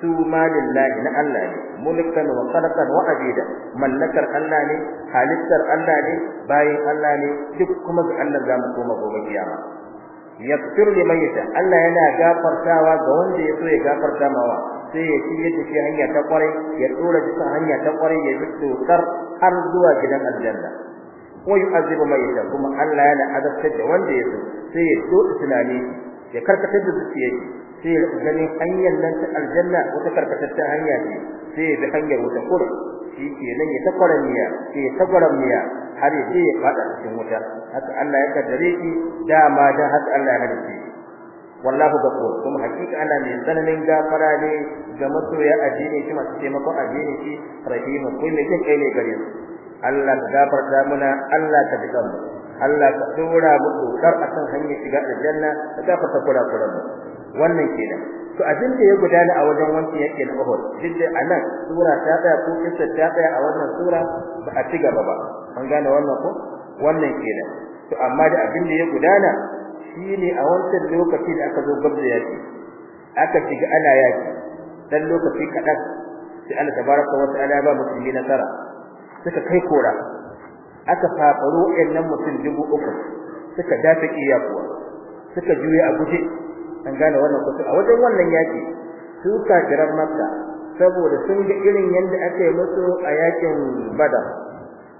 su ma lillahi na Allah ne mulkan wa khalqan wa abida mallakar Allah ne halittar Allah ne bayin Allah ne duk kuma ga Allah za mu koma gobe kiyama yaghfir liman yasha Allah yana gafartawa ga wanda ya so ya gafarta mawa sai ya ci yadda ke hanya ta kwarai ya dora shi hanya ta kwarai ya bi dokar har zuwa gidan aljanna ko yu'azibu man yasha kuma Allah yana azabtar da wanda ya so sai ya so tunani ya karkatar da zuciyar sai ya ganin hanyar nan ta aljanna wata karkatar ta hanya ce sai ya bi hanyar wata kurai shi kenan ya takwara miya ya miya har ya je ya fada cikin wuta haka Allah ya kaddare shi dama da haka Allah ya halice wallahu ghafur kuma hakika Allah mai tsananin gafara ne ga masoya addini shi masu taimakon addini shi rahimu kullu kin kai ne gare su Allah ka gafarta muna Allah ta dukan mu Allah ta dora mu dokar akan hanyar shiga aljanna ta gafarta kura kura mu wannan kenan to abin da ya gudana a wajen wancan yake na Uhud duk da anan sura ta tsaya ko kissa ta tsaya a wannan sura ba a ci gaba ba an gane wannan ko wannan kenan to amma da abin da ya gudana shine a wancan lokaci da aka zo gabda yaki aka shiga ana yaki dan lokaci kadan sai Allah tabaraka wa ta'ala ba musulmi nasara suka kai kora aka fafaro ɗan mutum dubu uku suka dace iyakuwa suka juya a guje an gane wannan kusur a wajen wannan yaki su kafiran makka saboda sun ga irin yanda ake musu a yakin badar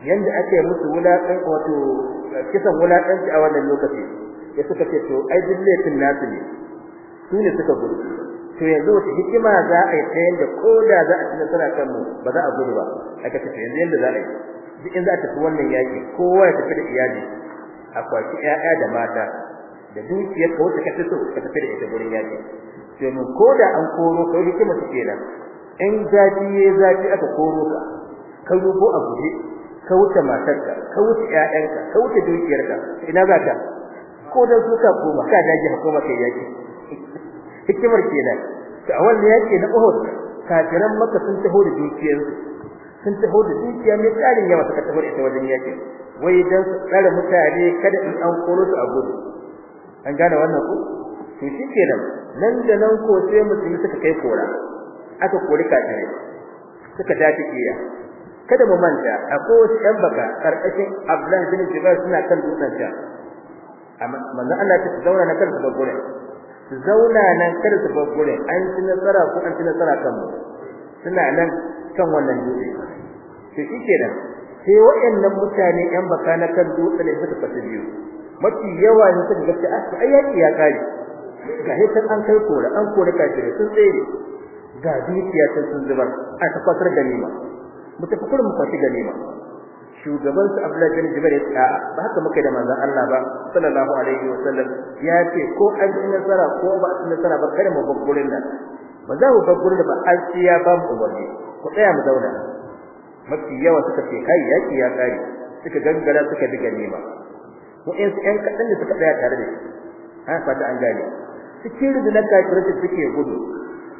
yanda ake musu wulakan wato kisan wulakanci a wannan lokaci ya suka ce to ai duk laifin nasu ne su ne suka gudu to yanzu wata hikima za a yi ta yanda ko da za a ci nasara kan mu ba za a gudu ba aka ce yanzu yanda za a yi duk in za a tafi wannan yaki kowa ya tafi da iyali a kwaci ƴaƴa da mata da dukiyar ka wacce ka so ka tafi da ita gurin yaki domin ko da an koro kai hikima su kenan in zafi ya zafi aka koro ka ka rubo a guje ka wuce matarka ka wuce ƴaƴanka ka wuce dukiyarka ina za ka ko da su ka koma ka daji koma, kai yaki hikimar kenan to a wannan yaki na Uhud kafiran maka sun taho da dukiyarsu sun taho da dukiya mai tsarin yawa suka taho da ita wajen yaki wai dan tsare mutane kada in an koro su a gudu an gane wannan ku to shi kenan nan da nan ko sai yi suka kai kora aka kori kafirai suka dace iya kada mu manta akwai wasu ɗan baka karkashin Abdullah bin Jubair suna kan dutsen ja amma manzo Allah ya ce zauna na kan su gure zauna na kan su gure an ci nasara ko an ci nasara kan mu suna nan kan wannan dutse to shi nan sai waɗannan mutane ɗan baka na kan dutsen suka fata biyu mafi yawa ne suka ga cewa a ah, yaki ya kare ga hitan an kai kore an kore kafirai sun tsere ga dukiya ta sun zubar aka fasar ganima mutafakkir mu da nima. shugaban su Abdullahi bin Jubair ya ba haka muke da manzon Allah ba sallallahu alaihi wa sallam ya ce ko an yi nasara ko ba yi nasara ba kada mu bakkurin nan ba za mu da ba an ci ya ba mu umarni ku tsaya mu zauna mafi yawa suka ce kai yaki ya kare suka gangara suka diga ganima Waɗansu ƴan kaɗan da suka tsaya tare da shi an fata an gane cikin rundunar kafirai suke gudu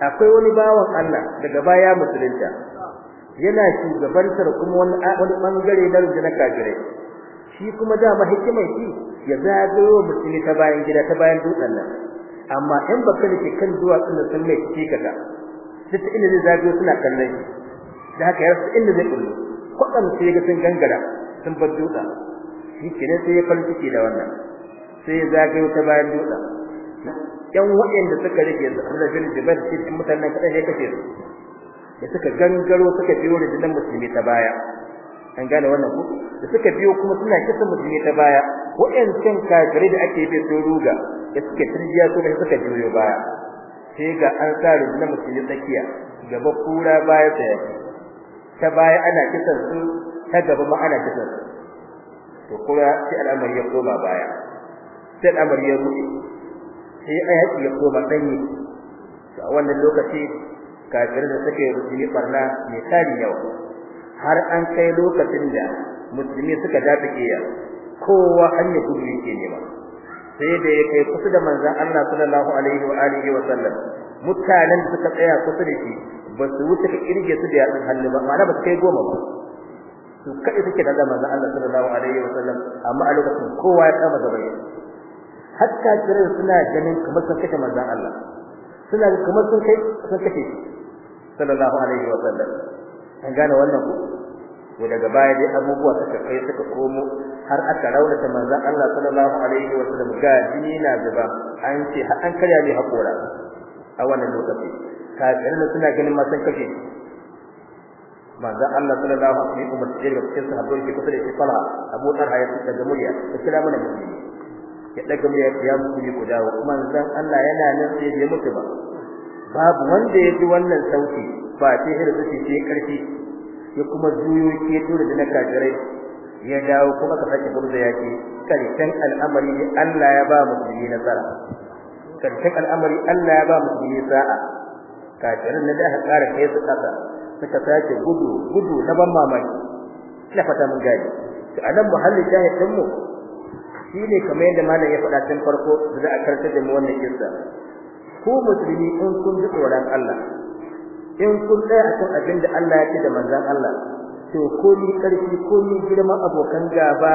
akwai wani bawan Allah daga baya musulunta yana shugabantar kuma wani wani bangare na rundunar kafirai shi kuma dama hikimar shi ya wa musulmi ta bayan gida ta bayan dutsen nan amma 'yan baka dake kan zuwa sunan sun mai kike kaza, duk inda zai zagayo suna kallon shi da haka yarsa inda zai kullu kwatsam sai ga sun gangara sun bar dutsen shi ne sai ya take da wannan sai ya zagayo ta bayan dutsa yan waɗanda suka rike su Allah jin jibal cikin mutanen kada ya kace su da suka gangaro suka biyo rundunar musulmi ta baya an gane wannan ku da suka biyo kuma suna kisan musulmi ta baya waɗancan kafiri da ake bi sun ruga da suke tirjiya su da suka biyo baya sai ga an tsare rundunar musulmi tsakiya gaba kura baya tsaya ta baya ana kisan su ta gaba ma ana kisan su to kuma sai al'amari ya koma baya sai al'amari ya rufe sai ayati ya koma sanyi a wannan lokaci kafir da suke rufe barna mai tari yau. har an kai lokacin da musulmi suka dafa kiya kowa an yi gudu yake nema sai da ya kai kusa da manzon Allah sallallahu alaihi wa alihi wa sallam mutanen da suka tsaya kusa da shi ba su wuce ka kirge su da yatsun hannu ba ma'ana ba su kai goma ba su kai suke da manzo Allah sallallahu alaihi wasallam amma a lokacin kowa ya kama da ne hatta kiran suna ganin kamar sun kace manzo Allah suna kamar sun kai sun kace sallallahu alaihi wasallam an gane wannan ku ko daga baya dai abubuwa suka kai suka komo har aka raunata manzo Allah sallallahu alaihi wasallam ga jini na zuba an ce har an karya ne hakora a wannan lokaci kafirin suna ganin ma sun kace manzon Allah sallallahu alaihi wa sallam da cikin sahabbai ke kusa da shi fara Abu Talha ya tsaya da murya assalamu alaikum ya daga murya ya mutu ku dawo manzon Allah yana nan sai ya mutu ba babu wanda ya ji wannan sauti ba sai irin su ce karfi ya kuma juyo ke tura da nakajirai ya dawo kuma ka sake gurza yake karshen al'amari Allah ya ba musulmi nasara karshen al'amari Allah ya ba musulmi sa'a kafirin da aka kare kai su kasa suka sake gudu gudu na ban mamaki ina fata mun gani to anan muhallin shahid din mu shine kamar yadda malam ya faɗa tun farko da za a karanta da mu wannan kissa ku musulmi in kun ji tsoron Allah in kun tsaya akan abin da Allah ya ce da manzon Allah to ko ni karfi ko ni girman abokan gaba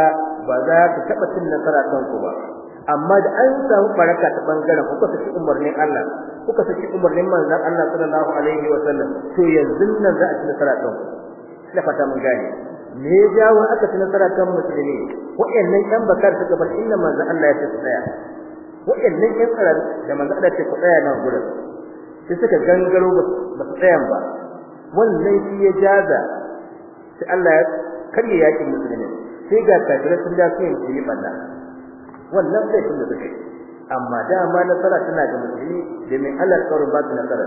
ba za ku taɓa cin nasara kanku ba amma da an samu baraka ta bangaren kuka saki umarnin Allah kuka saki umarnin manzon Allah sallallahu alaihi wa sallam to yanzu nan za a ci nasara ɗin na fata mun gane me ya jawo aka ci nasara kan musulmi wa'annan ɗan bakar suka bar inda manzon Allah ya ce su tsaya wa'annan ɗan karar da manzon Allah ya ce tsaya nan gurin sai suka gangaro ba su tsaya ba wannan shi ya jaza sai Allah ya karye yakin musulmi sai ga kafirai sun da su yi balla wannan laifin da suka amma dama nasara tana da musulmi da mai Allah tsarin ba su nasara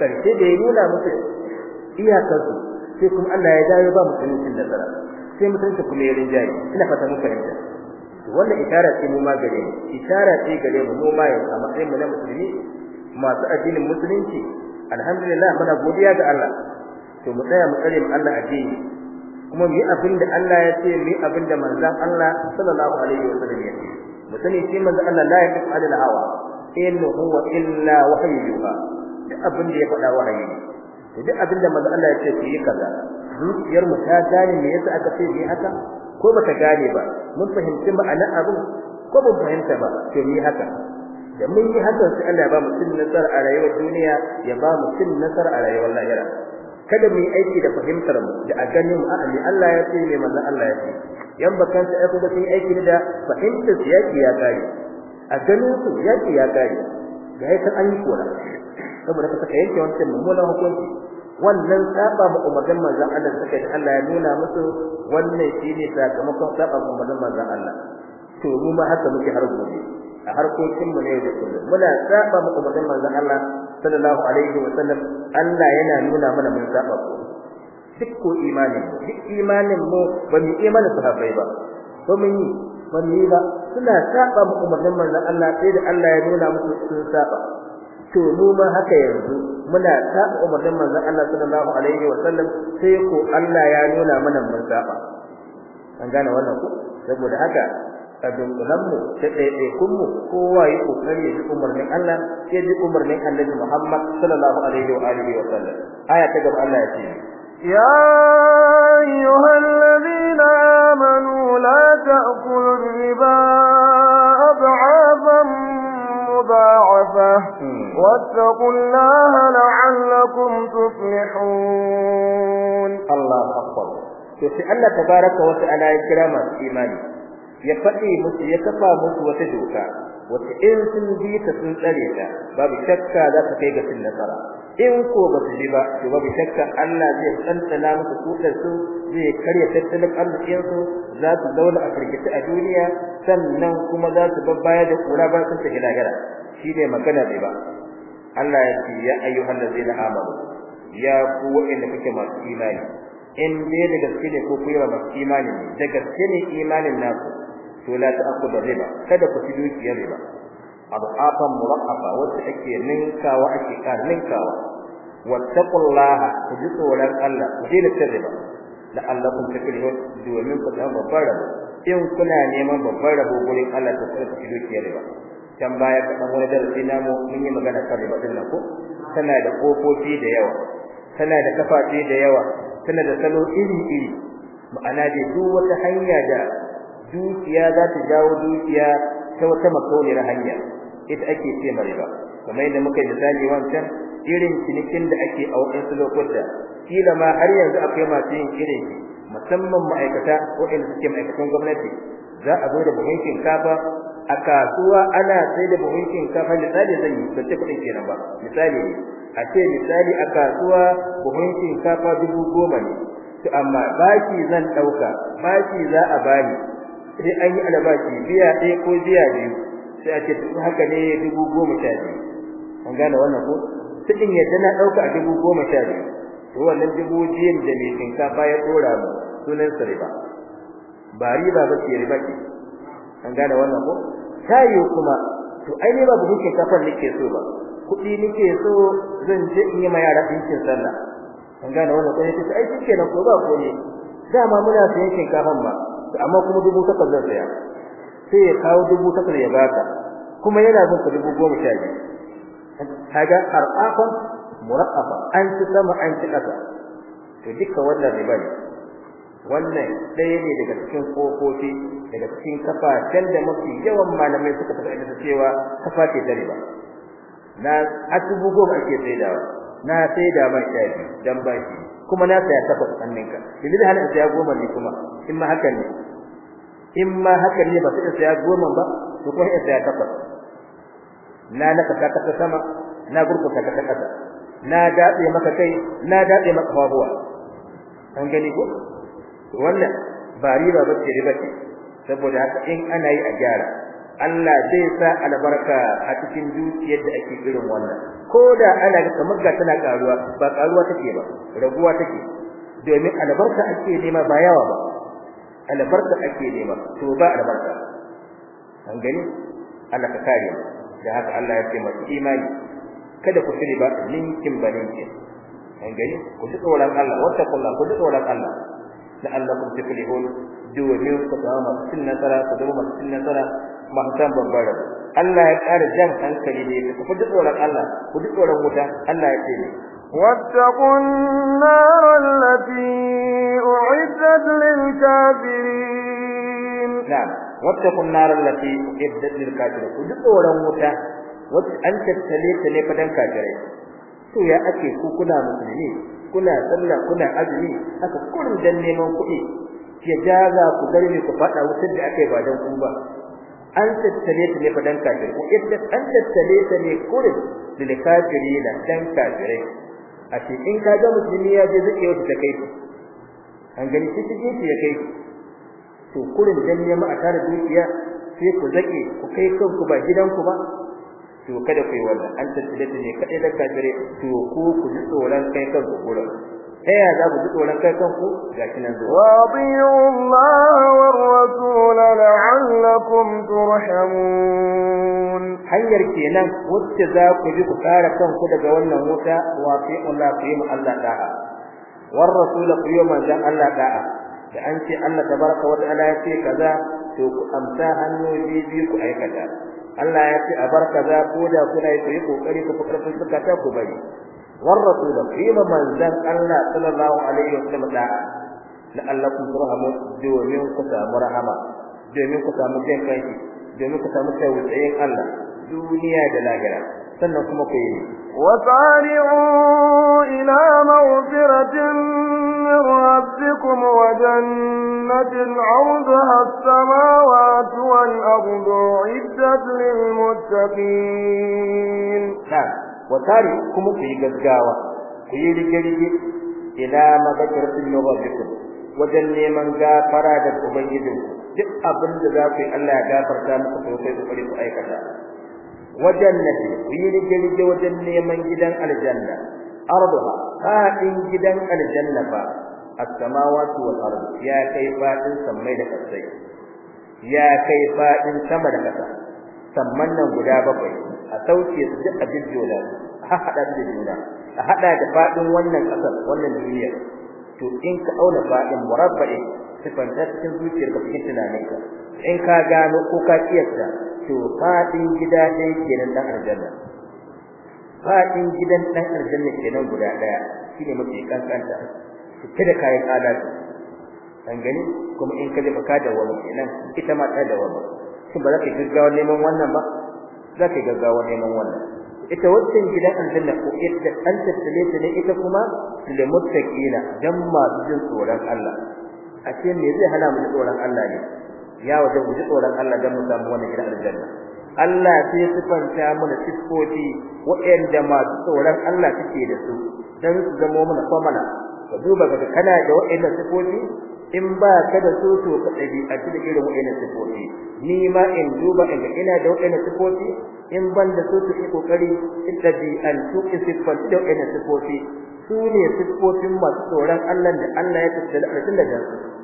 karshe da ya nuna iya iyakarsu sai kuma Allah ya dawo ba musulmi nasara sai ta kuma ya jari ina fata mun fahimta wannan isharar ce mu magare gare isharar ce gare mu ma yau a matsayin mu na musulmi masu addinin musulunci alhamdulillah muna godiya ga Allah to mu tsaya mu tsare mu Allah addini kuma mu yi abin da Allah ya ce mu yi abin da manzon Allah sallallahu alaihi wa ya ce mu shi manzon Allah la ya kafa da hawa in huwa illa wahyu yuha abin da ya faɗa wahayi ne duk abin da manzon Allah ya ce yi kaza zuciyar mu ta gane me yasa aka ce yi haka ko baka gane ba mun fahimci ma'ana abin ko mun fahimta ba to yi haka da mun yi haka sai Allah ya ba mu cin nasara a rayuwar duniya ya ba mu cin nasara a rayuwar lahira kada mu yi aiki da fahimtar mu da a ganin mu ne Allah ya ce ne manzo Allah ya ce yan bakan ta aiko da aiki da fahimtar su ya kare a ganin su yaki ya kare ga yakan an yi kora saboda ka yanke wancan mola hukunci wannan saba ba umarnin manzo Allah suka yi Allah ya nuna musu wannan shine sakamakon saba ba umarnin manzo Allah to mu ma haka muke har gobe a harkokin mu ne da kullum muna saba ba umarnin manzo Allah sallallahu alaihi wa sallam Allah yana nuna mana mun saba ko duk ko imanin duk imanin mu ba mu imanin sahabbai ba to mun yi ba mu yi ba suna saba mu umarnin manzon Allah sai da Allah ya nuna musu sun saba to mu ma haka yanzu muna saba umarnin manzon Allah sallallahu alaihi wa sallam sai ko Allah ya nuna mana mun saba an gane wannan ko saboda haka a dunkulanmu da ɗaiɗaikunmu kowa ya kokari ya ji umarnin Allah ya ji umarnin Annabi Muhammad sallallahu alaihi wa alihi wa sallam aya ta gaba Allah ya ce ya ayyuhal ladina amanu la ta'kulu riba ad'afan mudha'afa wattaqullaha la'allakum tuflihun Allah akbar to sai Allah tabaraka wa ta'ala ya kira masu imani ya fadi musu ya kafa musu wata doka wata in sun bi ta sun tsare ta babu shakka za ta kai ga cin nasara in ko ba su bi ba to babu shakka Allah zai tsantsana musu kutar su zai karya tattalin arzikin su za su zauna a firgita a duniya sannan kuma za su babbaya da kura ba sun ta Shi ne magana bai ba Allah ya ce ya ayyuhan ladzina amanu ya ku inda kuke masu imani in dai da gaske ne ko ku yi masu imani ne da gaske ne imanin naku to la da riba kada ku ci dukiyar riba adafan muraqaba wacce ake ninkawa ake kar ninkawa wattaqullaha ku ji tsoron Allah ku daina Da riba la'allakum takrihun domin ku da babbar rabo in kuna neman babbar rabo gurin Allah ta tsare ku dukiyar riba dan baya ka dan wani darasi namu mun yi magana kan riba din ku ko tana da kofofi da yawa tana da kafafi da yawa tana da salo iri iri ma'ana dai duk wata hanya da dukiya za ta jawo dukiya ta wata makauniyar hanya ita ake ce ma riba kamar yadda muka yi misali wancan irin cinikin da ake a waɗansu lokuta kila ma har yanzu akwai masu yin irin musamman ma'aikata waɗanda suke ma'aikatan gwamnati za a zo da buhunkin kafa? a kasuwa ana sai da kafa shinkafa misali zan yi ba ta kuɗin kenan ba misali ne a ce misali a kasuwa buhunkin kafa dubu goma ne to amma baki zan ɗauka baki za a bani sai an yi alabashi biya ɗaya ko biya biyu sai a ce su haka ne dubu goma sha biyu an gane wannan ko kudin yadda na ɗauka a dubu goma sha biyu to wannan dubu jiyan da mai shinkafa ya ɗora mu sunan sa riba ba riba ba ce riba ce an gane wannan ko tayo kuma to ai ne ba buhu shinkafar nake so ba kuɗi nake so zan je in yi ma yara ɗinkin sallah an gane wannan ko ne ai kenan ko ba ko ne dama muna sayan shinkafan ba amma kuma dubu takwas zai tsaya sai ya kawo dubu takwas ya baka kuma yana son ka dubu goma sha biyu kaga arqaqan muraqaqa an ci sama an ci kasa to duka wannan riba ne wannan ɗaya ne daga cikin kofofi daga cikin kafatan da mafi yawan malamai suka faɗa da cewa kafa ce ta riba na asibu goma ake saidawa na da man sha dan baki kuma na saya takwas ɗanninka dalilin hana saya goma ne kuma in ma haka ne in ma haka ne ba sai saya goma ba to kuma sai saya takwas na na ka ta sama na gurku ka ta kasa na dade maka kai na dade maka hawa an gani ko wannan ba riba ba ce riba ce saboda haka in ana yi a gyara Allah zai sa albarka a cikin dukiyar da ake irin wannan ko da ana ga kamar ga tana karuwa ba karuwa take ba raguwa take domin albarka ake nema ba yawa ba albarka ake nema to ba albarka an gani Allah ka kare mu da haka Allah ya ce masu imani kada ku tsiri ba linkin ba linkin an gani ku duka tsoron Allah wata kullu ku duka tsoron Allah la allakum tuflihun domin ku zama masu cin nasara ku zama masu cin nasara masu san babbar Allah ya ƙara jan hankali ne ku duk tsoron Allah ku duk tsoron wuta Allah ya ce nar allati u'iddat lil kafirin na wattaqun nar allati u'iddat lil kafirin ku duk tsoron wuta wacce an tattale ta ne fadan kafirai to ya ake ku kuna musulmi kuna sallah kuna azumi haka kullum dan neman kuɗi ya jaza ku garbe ku faɗa wutar da aka yi ba dan ku ba an tattale ta ne fa dan kafiri ko idda an tattale ta ne kurin lil kafiri da dan kafirai a cikin in ka ga musulmi ya je zai wata kai an gani shi kike ya kai to kurin dan ne ma a tare dukiya sai ku zake ku kai kanku ba gidanku ba to kada ku yi wannan an tattale ta ne kadai da kafirai to ku ku ji tsoron kai kanku gurin taya za ku ji tsoron kai kanku ga kinan zuwa wa Allah war rasul la'allakum turhamun hanyar kenan wacce za ku ji ku kare kanku daga wannan wuta wa fi Allah fi mu Allah da'a war rasul fi mu Allah da'a da an ce Allah tabaraka wa ta'ala ya ce kaza to ku amsa hannu biyu ku aikata Allah ya ce a bar kaza ko da kuna yi kokari ku fitar ku bari والرسول فيما منزل أن صلى الله عليه وسلم دعا لعلكم ترحمون جميع قسام رحمة جميع قسام كيف كيف جميع قسام كيف وزعين الله دنيا دلاجرة سنكم قيم وسارعوا إلى مغفرة من ربكم وجنة عرضها السماوات والأرض عدة للمتقين نعم. wa kuma ku yi gaggawa ku yi rige-rige ila magakirtin rabbikum wajen neman gafara da ubangijinku duk abin da za ku yi Allah ya gafarta muku to sai ku fari ku aikata wajen nafi ku yi rige wajen neman gidan aljanna arduha fa'in gidan aljanna ba as-samawati wal ard ya kai fa'in sammai da kasai ya kai fa'in sama da kasa samman nan guda bakwai a sauke su duk a jujjuna a da juna a haɗa da faɗin wannan ƙasar wannan duniyar to in ka auna faɗin murabba'i sifan ta cikin zuciyar ka cikin tunaninka in ka gano ko ka kiyasta to faɗin gida ɗaya kenan ɗan aljanna faɗin gidan ɗan aljanna kenan guda ɗaya shine mafi kankanta cike da kayan adalci an gani kuma in ka jefa ka da wani kenan ita ma ta da wani shin ba za ka gaggawa neman wannan ba zaka gaggawa neman wannan ita wannan gidan aljanna ko ita an tattale ta ne ita kuma da muttaqina dan masu jin tsoron Allah a ce me zai hana mu tsoron Allah ne ya wajen mu tsoron Allah dan mu samu wannan gidan aljanna Allah sai sifanta mana sifofi waɗanda masu tsoron Allah suke da su dan su zama mana famana ka duba kaga kana da waɗannan sifofi in ba ka da so to ka a cikin irin wa'ina sifofi ni ma in duba in ina da wa'ina sifofi in ban da so to yi kokari in ɗabi'antu in sifofi da wa'ina sifofi su ne sifofin masu tsoron Allah da Allah ya tafi da tun daga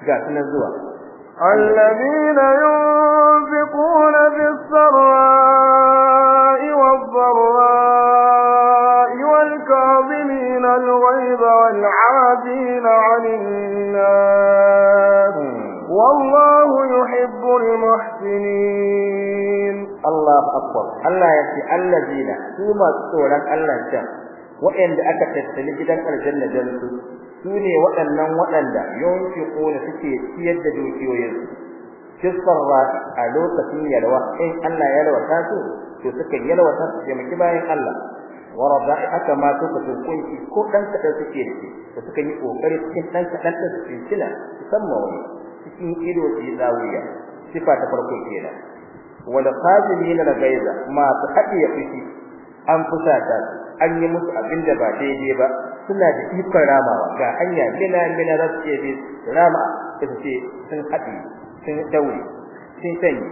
ga sunan zuwa الذين ينفقون في السراء والضراء والكاظمين الغيظ والعادين عن الناس والله يحب المحسنين الله أكبر الله يكفي الذين ثم السورة الله جاء وإن أتكت لجدا الجنة جنة sune waɗannan waɗanda yawanci ƙona suke ciyar da dukiyoyinsu kisarra a lokacin yalwa in Allah ya yalwata su to suka yalwata su taimaki bayan Allah warada aka ma su ka kunki ko dan kada suke da su suka yi kokari cikin dan kada da suke kila musamman wani cikin ido ce dawiya sifa ta farko kenan wal qazimin la gaiza ma su hadiya fiki an fusata an yi musu abinda ba daidai ba suna da ikon ramawa ga hanya mina mina za su bi rama da suke ce sun haɗe sun daure sun sani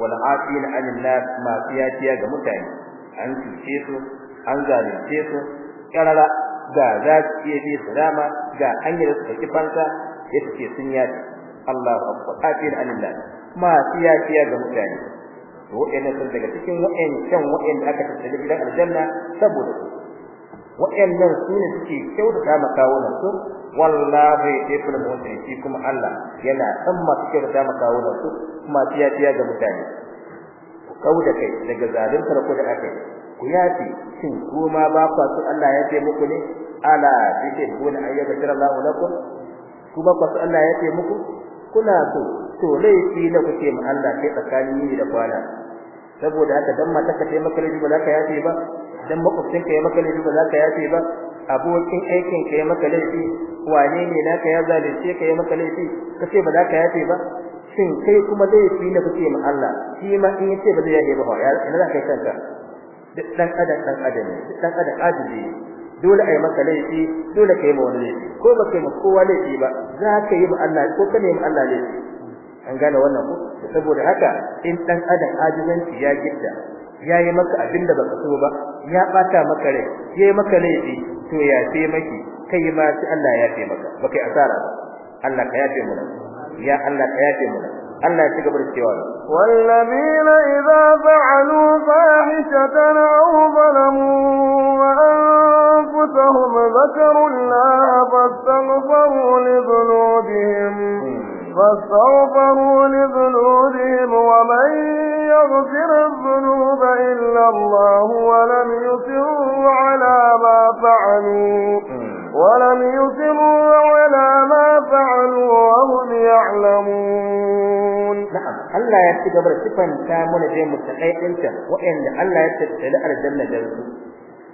wal afina anil nas ma fiyatiya ga mutane an tuce su an zalunce su karara ga za su ce bi rama ga hanyar su take fansa ya su ce sun yaci Allahu akbar afina anil nas ma fiyatiya ga mutane to wa'annan sun daga cikin wa'annan wa'annan aka tattaje gidan aljanna saboda su waɗannan su ne suke kyautata ma kawunan su wallahi ibn mutai shi kuma Allah yana san masu da ma kawunan su kuma tiya tiya ga mutane ku kauda kai daga zaluntar ku da akai ku yafi shin kuma ba ku su Allah ya ce muku ne ala ku ne ayyaka Allah lakum kuma ku su Allah ya ce muku kuna so to laifi na kuke ma Allah sai tsakanin ni da kwana saboda haka dan mata ka taimaka laifi ba za ka yafe ba dan makwabcinka ya maka laifi ba za ka yafe ba abokin aikin ka ya maka laifi wane ne naka ya zalunce ka ya maka laifi ka ce ba za ka yafe ba shin kai kuma laifi na kake ma Allah shi ma in yace ba zai yafe ba ya ina za ka yi kanka duk dan adam dan adam ne duk dan adam ajibi dole ai maka laifi dole kai ma wani laifi ko ba kai ma kowa laifi ba za ka yi ma Allah ko ka ne ma Allah laifi an gane wannan ko saboda haka in dan adam ajizanci ya gidda yayi maka abin da baka so ba ya bata maka rai yayi maka laifi to ya ce maki kai ma shi Allah ya ce maka baka asara Allah ka yafe mana ya Allah ka yafe mana Allah ya ci gaba da cewa wallazina idza fa'alu fahishatan aw zalamu wa anfusuhum zakaru Allah fastaghfiru li dhunubihim فاستغفروا لذنوبهم ومن يغفر الذنوب إلا الله ولم يسروا على ما فعلوا ولم يسروا على ما فعلوا وهم يعلمون نعم الله يتجبر صفا كامل في متقي انت وإن الله يتبتل الجنة جلسه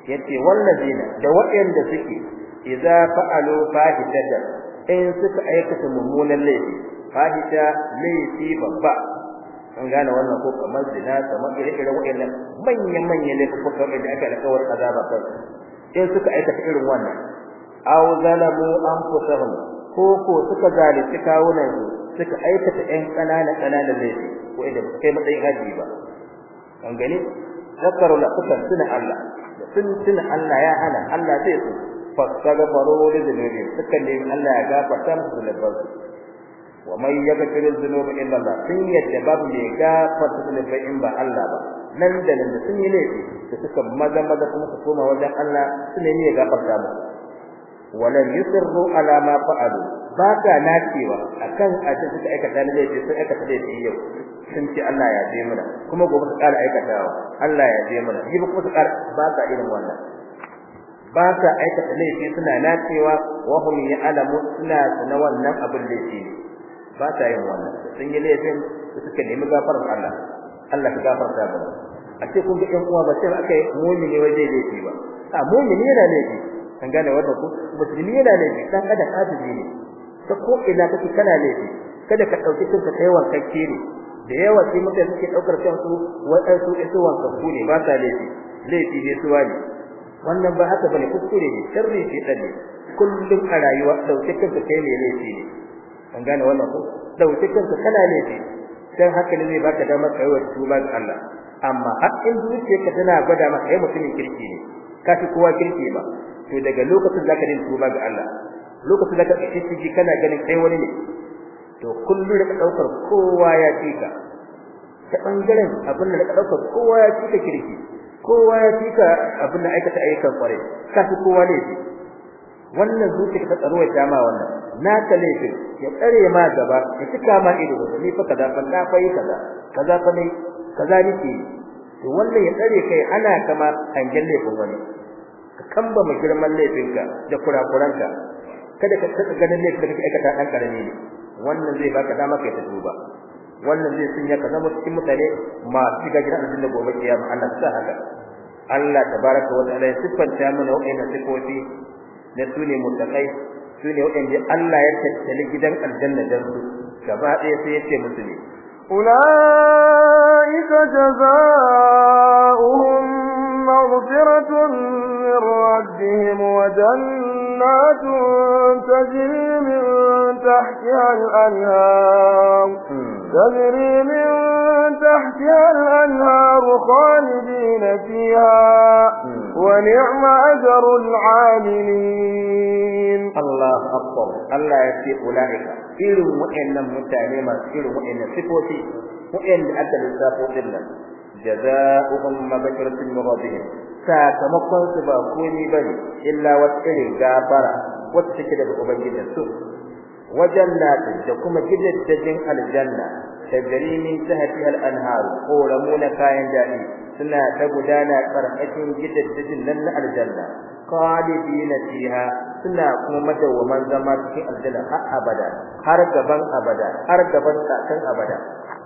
يكتب والذين دوائن دسكي إذا فعلوا فاهدة in suka aikata mummunan laifi fahisha laifi babba an gane wannan ko kamar zina kamar ire-iren waɗannan manya-manyan laifukan da ake alƙawar azaba kan in suka aikata irin wannan aw zalamu anfusahum ko ko suka zalunci kawunan su suka aikata ɗan kanana kanana laifi ko idan ba kai matsayin haji ba an gane zakaru la kusan tuna Allah da sun suna Allah ya hana Allah sai su da sukan nemi فاستغفروا لذنوبهم سكن الله da لهم ذنوبهم ومن يغفر الذنوب الا الله sun yadda babu mai gafarta zunubai in ba Allah ba nan da nan sun yi laifi da suka maza maza kuma su koma wajen Allah su nemi ya gafarta musu walam yusirru ala ma fa'alu ba ka cewa akan aje suka aikata ne laifi sun aikata laifi yau sun ce Allah ya je mana kuma gobe su ƙara aikatawa Allah ya je mana yi kuma su ƙara ba ka irin wannan ba sa aikata laifi suna nacewa wa hum ya'lamu suna sana wannan abin laifi ba sa yin wannan sun yi laifin suka nemi gafarar Allah Allah ya gafarta ba a ce kun ga ƴan uwa ba sai aka yi mu'mini waje laifi ba a mu'mini yana laifi an gane wannan ko musulmi yana laifi dan adam azumi ne ta ko ina kake kana laifi kada ka dauki ka kai wankakke ne da yawa sai muka suke daukar kansu waɗansu wanka ku ne ba sa laifi laifi ne su wani. wannan ba haka bane kuskure ne sirri ce dane kullum a rayuwa dauke kanka kai ne laifi ne an gane wannan ko dauke kanka kana laifi dan haka ne zai baka damar kai wa tuba ga Allah amma har in ka tana gwada maka kai mutumin kirki ne ka fi kowa kirki ba to daga lokacin zaka din tuba ga Allah lokacin da ka kirki kana ganin kai wani ne to kullum da daukar kowa ya tika ta bangaren abin da ka daukar kowa ya tika kirki kowa ya fika abin da aikata aikan kware ka fi kowa ne wannan zuci ka tsaro ya ma wannan na ka laifi ya tsare ma gaba ya cika ma ido ni fa kaza fa na fayi kaza kaza fa ne kaza nake to wannan ya tsare kai ana kama hangen laifin wani ka kamba mu girman laifinka da kurakuranka kada ka tsaka ganin laifin da kake aikata dan karami ne wannan zai baka dama kai ta duba wannan zai sun ya ka zama cikin mutane masu shiga gidan aljanna gobe kiyama Allah ta haka Allah tabaraka wa ta'ala ya siffanta mana wa'annan sifofi na sune mutakai sune wa'anda Allah ya tattali gidan aljanna dan su gaba ɗaya sai ya ce musu ne أولئك جزاؤهم مغفرة من ربهم وجنات تجري من تحتها الأنهار تجري من تحتها الأنهار خالدين فيها ونعم أجر العاملين الله أكبر الله يكفي أولئك إلو مؤن متعلمة إلو مؤن صفوتي مؤن أدى للسافو إلا جزاؤهم مذكرة من ربهم sakamakon su ba إلا bane illa wata irin gafara وجنات تكما جدد تجن الجنة تجري من تحتها الأنهار قولمون كاين جائي سنة تبدانا قرأة جدد تجن لن الجنة خالدين فيها سنة كما ومن زمان في الجنة أبدا هرقبا أبدا هرقبا تأتن أبدا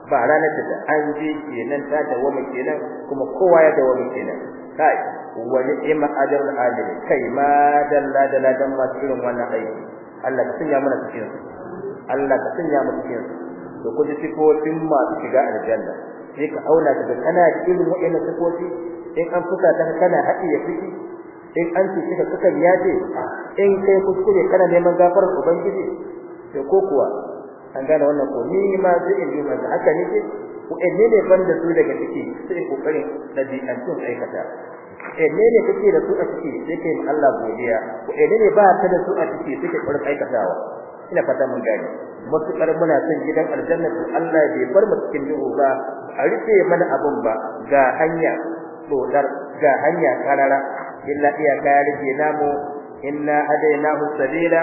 ba ranar da an je kenan ta dawoma kenan kuma kowa ya dawoma kenan kai wani ima ajrul alim kai ma dalla dalla dan masu irin wannan aiki Allah ka sanya mana cikin su Allah ka sanya mu cikin su to ku ji sifofin masu shiga aljanna sai ka auna ka ga kana irin wa'annan sifofi in an fuka ta kana haɗi ya fiki in an ci ka suka ce in kai kuskure kana neman gafarar ubangiji to ko kuwa an gane wannan ko ni ma zai in yi haka nake ku ne ne ban da su daga ciki sai kokarin da bi an aikata eh ne ne kake da su a ciki sai kai Allah godiya ko eh ne ba ta da su a ciki sai kai kurin aikatawa ina fata mun gani kar muna son gidan aljanna to Allah bai bar mu cikin duhu ba a rike mana abun ba ga hanya dar ga hanya karara illa iya kayar namu inna hadainahu sabila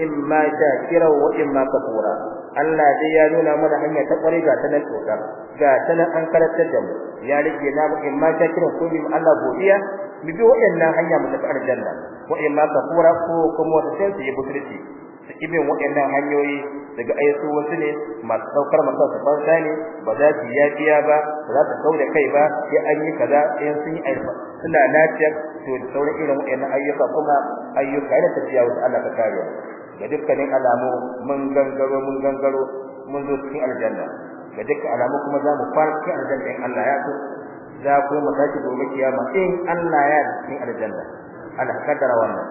imma shakira wa imma kafura Allah dai ya nuna mana hanya ta kware ga ta nan ga ta nan an karantar da mu ya rike na mu in ma ta kira ko bi Allah godiya mu bi wayannan hanya mu tafi aljanna ko in ma kura ko kuma wata sai ya butulci sai ibin wayannan hanyoyi daga ayatu wasu ne masu saukar masa su fanta ne ba za su yafiya ba ba za su kauda kai ba sai an yi kaza sai sun yi ayyuka suna lafiya to da sauran irin wayannan ayyuka kuma ayyuka ta tafiya wasu Allah ta kare ga dukkanin alamu mun gangaro mun gangaro mun zo cikin aljanna ga dukkan alamu kuma za mu fara cikin aljanna in Allah ya so za ku mu tashi gobe kiyama in Allah ya cikin aljanna Allah kaddara wannan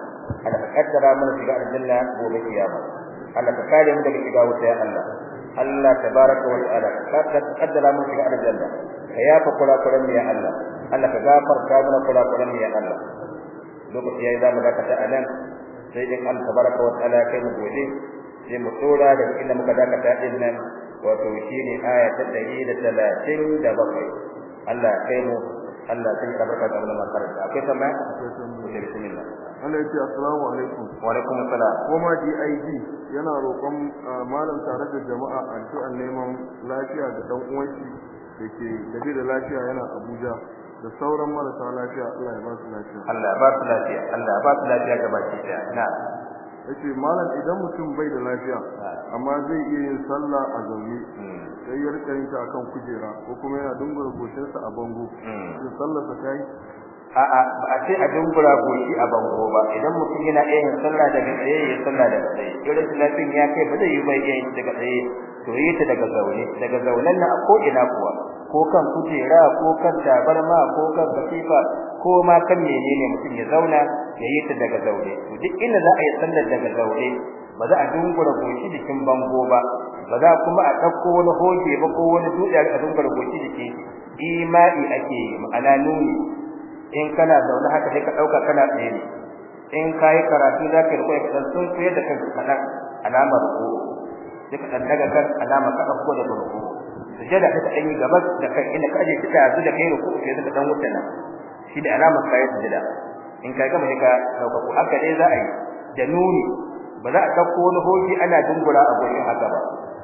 Allah kaddara mun shiga aljanna gobe kiyama Allah ka kare mu daga shiga wuta ya Allah Allah tabaraka wa ta'ala ka kaddara mun shiga aljanna ka yafa kurakuran ya Allah Allah ka gafarta mana kurakuran ya Allah lokaci yayi zamu ta anan sai dai Allah tabaraka wa ta'ala kai mu gobe sai mu tsora da inda muka dakata din nan wato shine aya ta 137 Allah kai mu Allah sai ka barka da wannan karatu akwai tambaya bismillah Allah ya ce assalamu alaikum wa alaikum assalam kuma DIG yana roƙon ah, malam tare da jama'a addu'an neman lafiya da dan uwanki dake da lafiya yana Abuja da sauran marasa lafiya Allah ya ba su lafiya Allah ya ba su lafiya Allah ya ba su lafiya ga baki daya na'am yace malam idan mutum bai da lafiya amma zai iya yin sallah a zaune hmm. sai ya rika yin ta akan kujera ko kuma yana dungura sa a bango hmm. sai sallar sa kai a'a ba a ce a dungura goshi a bango ba idan mutum yana iya yin sallah daga tsaye ya sallah daga tsaye irin lafiyar ya kai ba zai yi bai yin daga tsaye to yi ta daga zaune daga zaunen na a ko ina kuwa ko kan kujera ko kan tabarma ko kan katifa ko ma kan menene mutum ya zauna ya yi ta daga zaure to duk inda za a yi sallar daga zaure ba za a dungura goshi jikin bango ba ba za kuma a dauko wani hoje ba ko wani dutse a dungura goshi jikin imai ake ma'ana nuni in kana zaune haka sai ka dauka kana tsaye in kai karatu za ka rubuta kadan sun fiye da kanka kadan alamar ko sai ka daga kan alamar ka dauko da burku sujada ta kai gaba da kai inda ka je kita su da kai ruku sai da dan wuta nan shi da alamar kai sujada in kai gaba ne ka dauka ku haka dai za a yi da nuni ba za a dauko wani hoji ana dungura a gurin haka ba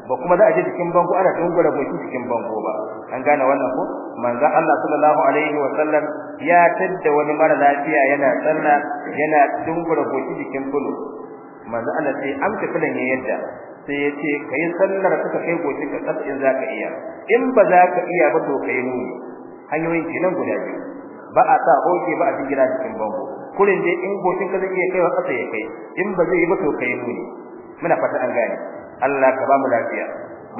ba kuma za a je cikin bango ana dungura ba cikin bango ba an gane wannan ko manzo Allah sallallahu alaihi wa sallam ya tadda wani mara lafiya yana sallah yana dungura ko cikin bulu manzo Allah sai amsa filan yayin da sai ya ce kai sallar ka kai goce ka kasa in zaka iya in ba zaka iya ba to kai nuni hanyoyin nan guda biyu ba a sa hoke ba a jingira cikin bango kurin dai in goshin ka zai iya kai wa kasa ya kai in ba zai yi ba to kai nuni muna fata an gane Allah ka ba mu lafiya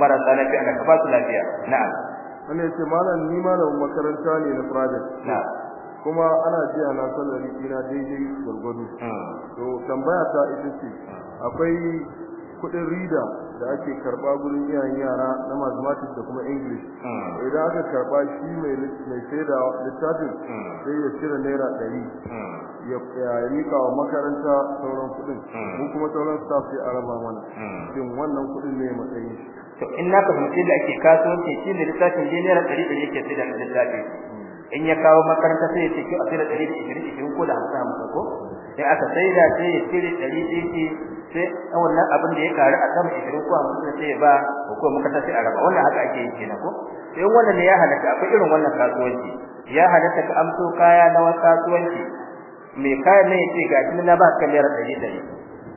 marasa lafiya na ka ba su lafiya na'am wannan yace malam ni malamin makaranta ne na project na'am kuma ana jiya na sallar ina daidai gurgudu hmm. to tambaya ta ita ce hmm. akwai kudin rida da ake karba gurin iyayen yara na mathematics da kuma english hmm. idan aka karba shi mai mai da littafin hmm. sai ya cire naira ɗari hmm. ya yi wa makaranta sauran kudin mu kuma sauran staff sai araba mana shin wannan kudin ne matsayin to in na ka fahimci da ake kasuwanci shi ne littafin je naira ɗari ɗari yake da littafin in ya kawo makaranta sai ya ce ki a saida ɗari ɗari ko da hamsin hamsin ko sai aka saida sai ya cire ɗari sai wannan abin da ya karu a kan ishirin ko mun sai ba ko muka ta sai a wannan haka ake yi kenan ko sai wannan ne ya halaka akwai irin wannan kasuwanci ya halaka ka amso kaya na wani kasuwanci me kaya ne ce ga shi na ba ka da ɗari ɗari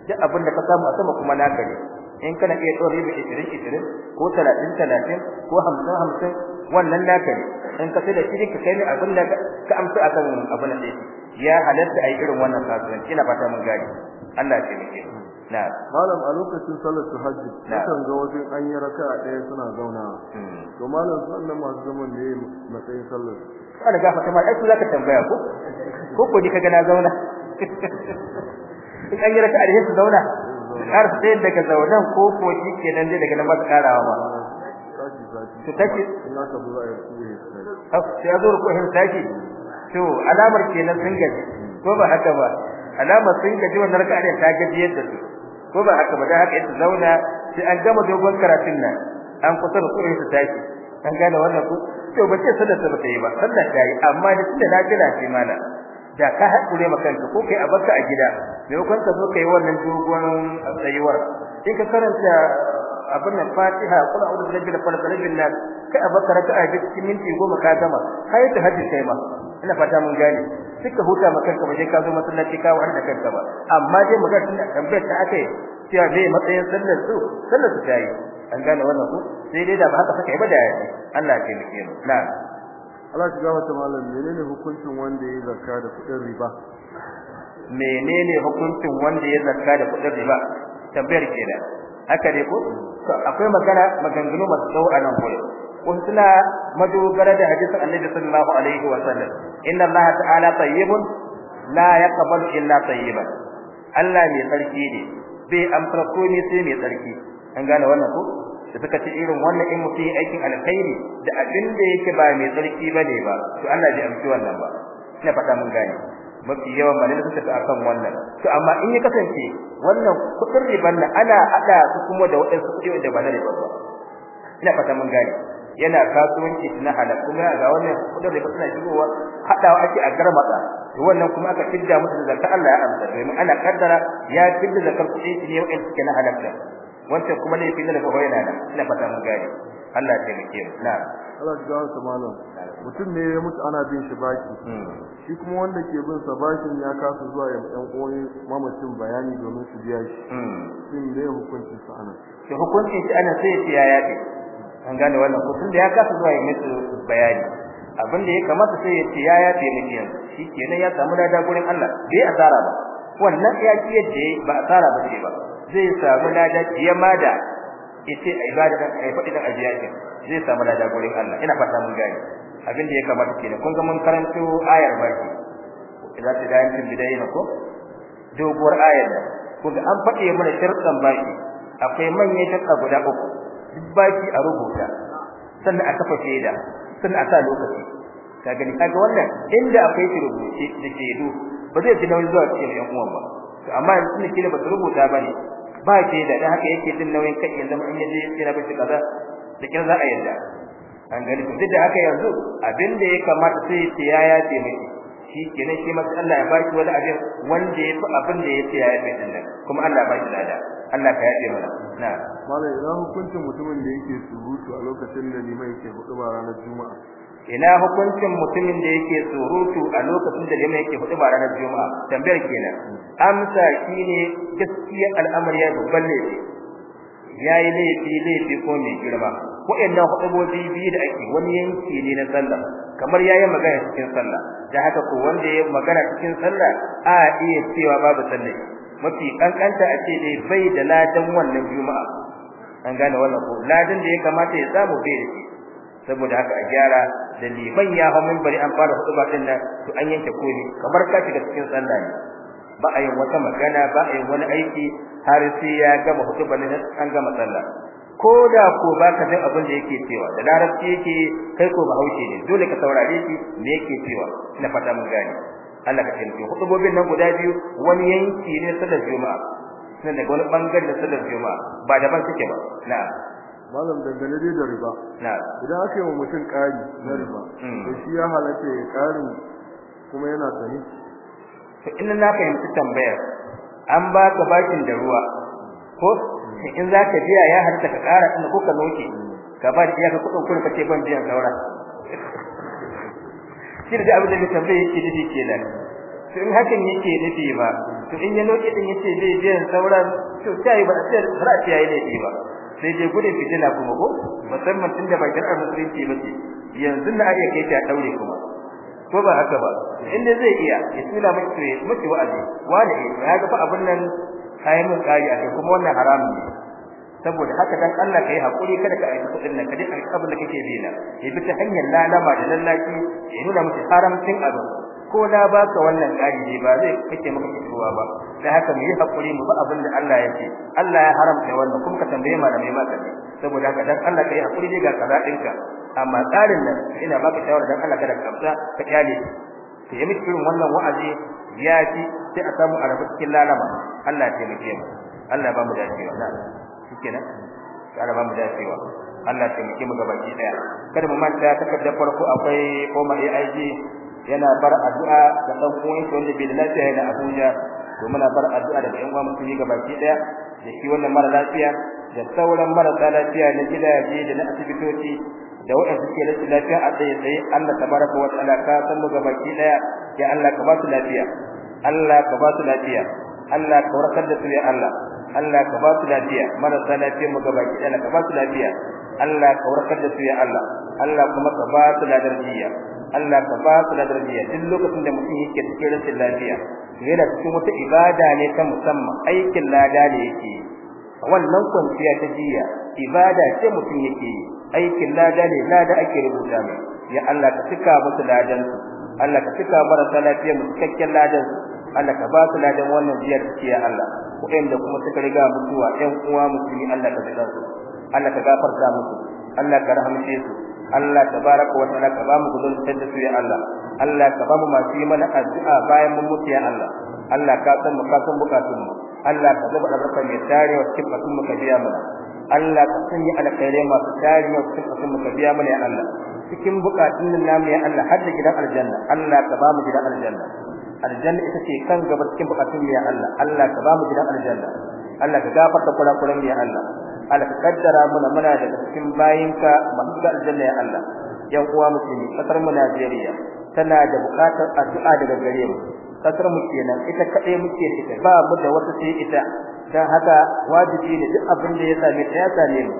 duk abin da ka samu a sama kuma naka ne in kana iya ɗora riba 20 20 ko talatin talatin ko hamsin hamsin wannan naka ne in ka sai da shi ka kai ni abin da ka amsa akan abin da yake ya halatta ai irin wannan kasuwanci ina fata mun gani Allah ya taimake mu na malam a lokacin salat tahajjud kan ga wasu an yi raka'a ɗaya suna zauna hmm. to malam sannan masu zaman ne matsayin sallar kada gafa kuma ai ku zaka tambaya ko ko ko dika ga na zauna in an yi raka'a ɗaya su zauna har sai daga zaunan ko ko shi kenan dai daga nan ba karawa ba su take ya zo ko hin take to alamar kenan sun gaji ko ba haka ba alamar sun gaji wannan raka'a ne ta gaji yadda su ko ba haka ba da haka ita zauna sai an gama dogon karatun nan an kusa da kuɗin su take an gane wannan ku to ba ce sallar ta bata yi ba sallar ta yi amma da tunda lafiya ce mana da ka hakure maka kanka ko kai a baka a gida maimakon ka zo kai wannan dogon tsayuwar in ka karanta abin nan Fatiha kula a'udhu bi da falaq rabbil nas kai abakar ka a cikin minti goma ka gama kai ta hajji sai ma ina fata mun gane suka huta maka ka ba ka zo masallaci ka wanda ka ba amma dai muka tambayar ta ake cewa zai matsayin sallar su sallar su kai an gane wannan ku sai dai da ba haka kai ba da yayi Allah ya taimake mu na Allah ya ta malam menene hukuncin wanda ya zakka da kudin riba menene hukuncin wanda ya zakka da kudin riba tambayar kenan haka ne ko akwai magana maganganu masu tsawo a nan gurin wasu suna madogara da hadisin annabi sallallahu alaihi wa sallam inna allaha ta'ala tayyibun la yaqbalu illa tayyiban Allah mai tsarki ne bai amfara ko ne sai mai tsarki an gane wannan ko da suka ce irin wannan in mutum yi aikin alkhairi da abin da yake ba mai tsarki bane ba to Allah bai amshi wannan ba ina fata mun gane mafi yawan malamai suka ta akan wannan to amma in ya kasance wannan kudin riban nan ana ada su kuma da wadansu kudi da ba na riba ba ina fata mun gane yana kasuwanci na halal kuma ga wannan kudin riba suna shigowa hadawa ake a garmata to wannan kuma aka kidda musu da zakar Allah ya amsa domin ana kaddara ya kidda zakar kudi ne wa'in suke na halal wancan kuma ne fi na daga hoyana ina fata mun gane Allah ya taimake mu na Allah ya su malam mutum ne ya mutu ana bin shi baki hmm. shi kuma wanda ke bin sa bashin ya kasa zuwa ya ɗan koyi mamacin bayani domin su biya shi hmm. shin ne hukunci sa ana shi hukunci shi ana sai ya yaɗe an gane wannan ko da ya kasa zuwa ya mutu bayani abin da ya kamata sai ya ce ya yaɗe miki yanzu shi kenan ya samu dada gurin Allah bai asara ba wannan ya ci yadda ba asara ba ce ba zai samu dada ma da ita ibada dan ai faɗi da ajiya zai samu dada gurin Allah ina fata mun gani abin da ya kamata kenan kun ga mun karanto ayar baki idza tadayantum bidayna ko doguwar ayar da kun ga an faɗe mana sharɗan baki akwai manyan sharɗa guda uku duk baki a rubuta sannan a kafa sheda sannan a sa lokaci ka gani kaga wannan inda akwai shi rubuce da shaidu ba zai ji nauyin zuwa cikin yan uwan ba to amma yanzu ne kila ba su rubuta bane ba shaida da haka yake din nauyin kai yanzu in yaje yana bishi kaza da kin za a yarda an gani duk da haka yanzu abin da ya kamata sai ya ya ce miki shi kenan shi masa Allah ya baki wani abin wanda ya fi abin da ya ce ya yafe din nan kuma Allah ya baki lada Allah ka yafe mana na malai ina hukuncin mutumin da yake surutu a lokacin da limai yake hudu ba ranar juma'a ina hukuncin mutumin da yake surutu a lokacin da limai yake hudu ba ranar juma'a tambayar kenan hmm. amsa shine gaskiya al'amari ya babban laifi yayi laifi laifi ko mai girma waɗannan hudubobi biyu da ake wani yanki ne na sallah kamar yayi magana cikin sallah da haka ko wanda yayi magana cikin sallah a iya cewa babu sallah mafi kankanta ake dai bai da ladan wannan juma'a an gane wannan ko ladan da ya kamata ya samu bai da shi saboda haka a gyara da liman ya hawo bari an fara hudubar din nan to an yanke koyi kamar ka shiga cikin sallah ba a yi wata magana ba a yi wani aiki har sai ya gama hutubar ne an gama sallah ko da ko baka jin abin da yake cewa da darasi yake kai ko bahaushe ne dole ka saurare shi me yake cewa ina fata mun gane Allah ka taimake hutubobin nan guda biyu wani yanki ne sallar juma'a sai daga wani bangare da sallar juma'a ba daban suke ba na'am malam dangane dai da riba na'am idan aka yi wa mutum kari na hmm. riba hmm. to shi ya halatta ya karin kuma yana ni to in na fahimci tambayar an ba ka bakin da ruwa ko in zaka biya ya harta ka ƙara in ko ka noke ka ba da iyaka kudin kun ka ce ban biyan saura shi da abin da ya tambaye yake nufi kenan to in hakan yake nufi ba to in ya noke din yace bai biyan sauran to sai ba sai ba sai yayi laifi ba sai dai gudun fitina kuma ko musamman tunda ba arzikin musulunci ba ce yanzu na iya kai ta daure kuma ko ba haka ba inda zai iya ya tsila miki miki wa'azi wani ya ga fa abin nan kai mun kai a kuma wannan haramun ne saboda haka dan Allah kai hakuri kada ka aika kudin nan kada ka abin da kake bi na ya bi ta hanyar lalama da lallaki ya nuna miki haramcin abu ko na baka wannan kai ne ba zai kake maka fitowa ba dan haka mu yi hakuri mu ba abin da Allah ya ce Allah ya haramta wannan kuma ka tambaye malamai ma kace saboda haka dan Allah kai hakuri ga kaza ɗinka amma tsarin nan ina baka shawara dan Allah kada ka kamta ka kyale to yi miki wannan wa'azi ya ci sai a samu arabu cikin lalama Allah ya taimake mu Allah ya ba mu dacewa shikenan Allah ba mu dacewa Allah ya taimake mu gaba ɗaya daya kada mu manta takardar farko akwai koma AIG yana bar addu'a da dan uwan shi wanda bai da lafiya yana Abuja to muna bar addu'a da ɗan uwan yi gabaki daya da shi wannan mara lafiya da sauran marasa lafiya na gidaje da na asibitoci da waɗanda suke rashin lafiya a tsaye tsaye Allah tabaraka wa ta'ala ka san mu gabaki daya ya Allah ka ba su lafiya Allah ka ba su lafiya Allah ka warkar da su ya Allah Allah ka ba su lafiya marasa lafiya mu gabaki daya ka ba su lafiya Allah ka warkar da su ya Allah Allah kuma ka ba su ladarjiya Allah ka ba su ladarjiya duk lokacin da mutum yake cikin rashin lafiya yana cikin wata ibada ne ta musamman aikin lada ne yake wannan kwanciya ta jiya ibada ce mutum yake yi aikin lada ne lada ake rubuta mai ya Allah ka tuka musu ladan su Allah ka tuka marasa lafiya musu cikakken ladan su Allah ka ba su ladan wannan biyar ce ya Allah ko da kuma suka riga mutuwa ɗan uwa musulmi Allah ka tsara su Allah ka gafarta musu Allah ka rahamce su Allah tabaraka wa ta'ala ka ba mu gudun da su ya Allah Allah ka ba mu masu yi mana addu'a bayan mun mutu ya Allah Allah ka san mu ka san bukatun mu Allah ka zuba albarka mai tarewa cikin batun mu ka biya mana Allah ka sanya alkhairai masu tarihi cikin kasan ka biya mana ya Allah cikin bukatun nan namu ya Allah har da gidan aljanna Allah ka ba mu gidan aljanna aljanna ita ce kan gaba cikin bukatun ya Allah Allah ka ba mu gidan aljanna Allah ka gafarta kurakuran mu ya Allah Allah ka kaddara mana muna daga cikin bayinka masu aljanna ya Allah yan uwa musulmi kasar mu Najeriya tana da bukatar addu'a daga gare mu kasar mu kenan ita kadai muke ita ba mu da wata sai ita dan haka wajibi ne duk abin da ya same ta ya same mu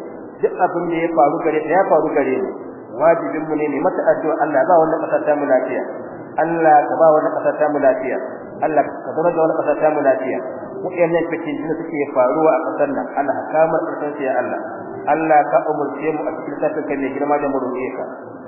duk abin da ya faru gare ta ya faru gare mu wajibin mu ne ne mata addu'a Allah ba wannan kasar ta mu lafiya Allah ka ba wannan kasar ta mu lafiya Allah ka zama da wannan kasar ta mu lafiya wayannan fitin da suke faruwa a kasar nan Allah ka mar kasar ya Allah Allah ka umurce mu a cikin tafin kai mai girma da murmuke ka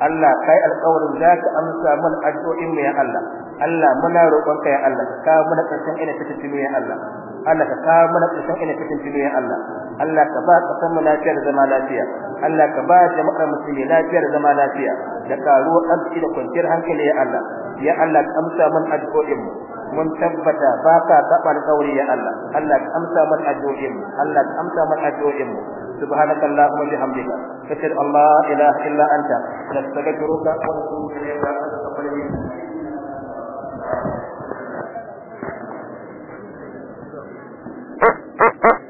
Allah kai alƙawarin zaka amsa mun addu'o'in mu ya Allah Allah muna roƙon ka ya Allah ka muna karshen ina fitin ya Allah Allah ka kawo mana ƙarshen ina cikin duniya Allah Allah ka ba ƙasar mu lafiya da zama lafiya Allah ka ba jama'ar musulmi lafiya da zama lafiya da karuwar arziki da kwanciyar hankali ya Allah ya Allah ka amsa mun addu'o'in mu mun tabbata ba ka taɓa alƙawari ya Allah Allah ka amsa mun addu'o'in mu Allah ka amsa mun addu'o'in mu سبحانك اللهم وبحمدك أشهد أن لا إله إلا أنت نستغفرك ونتوب إليك Uh-uh.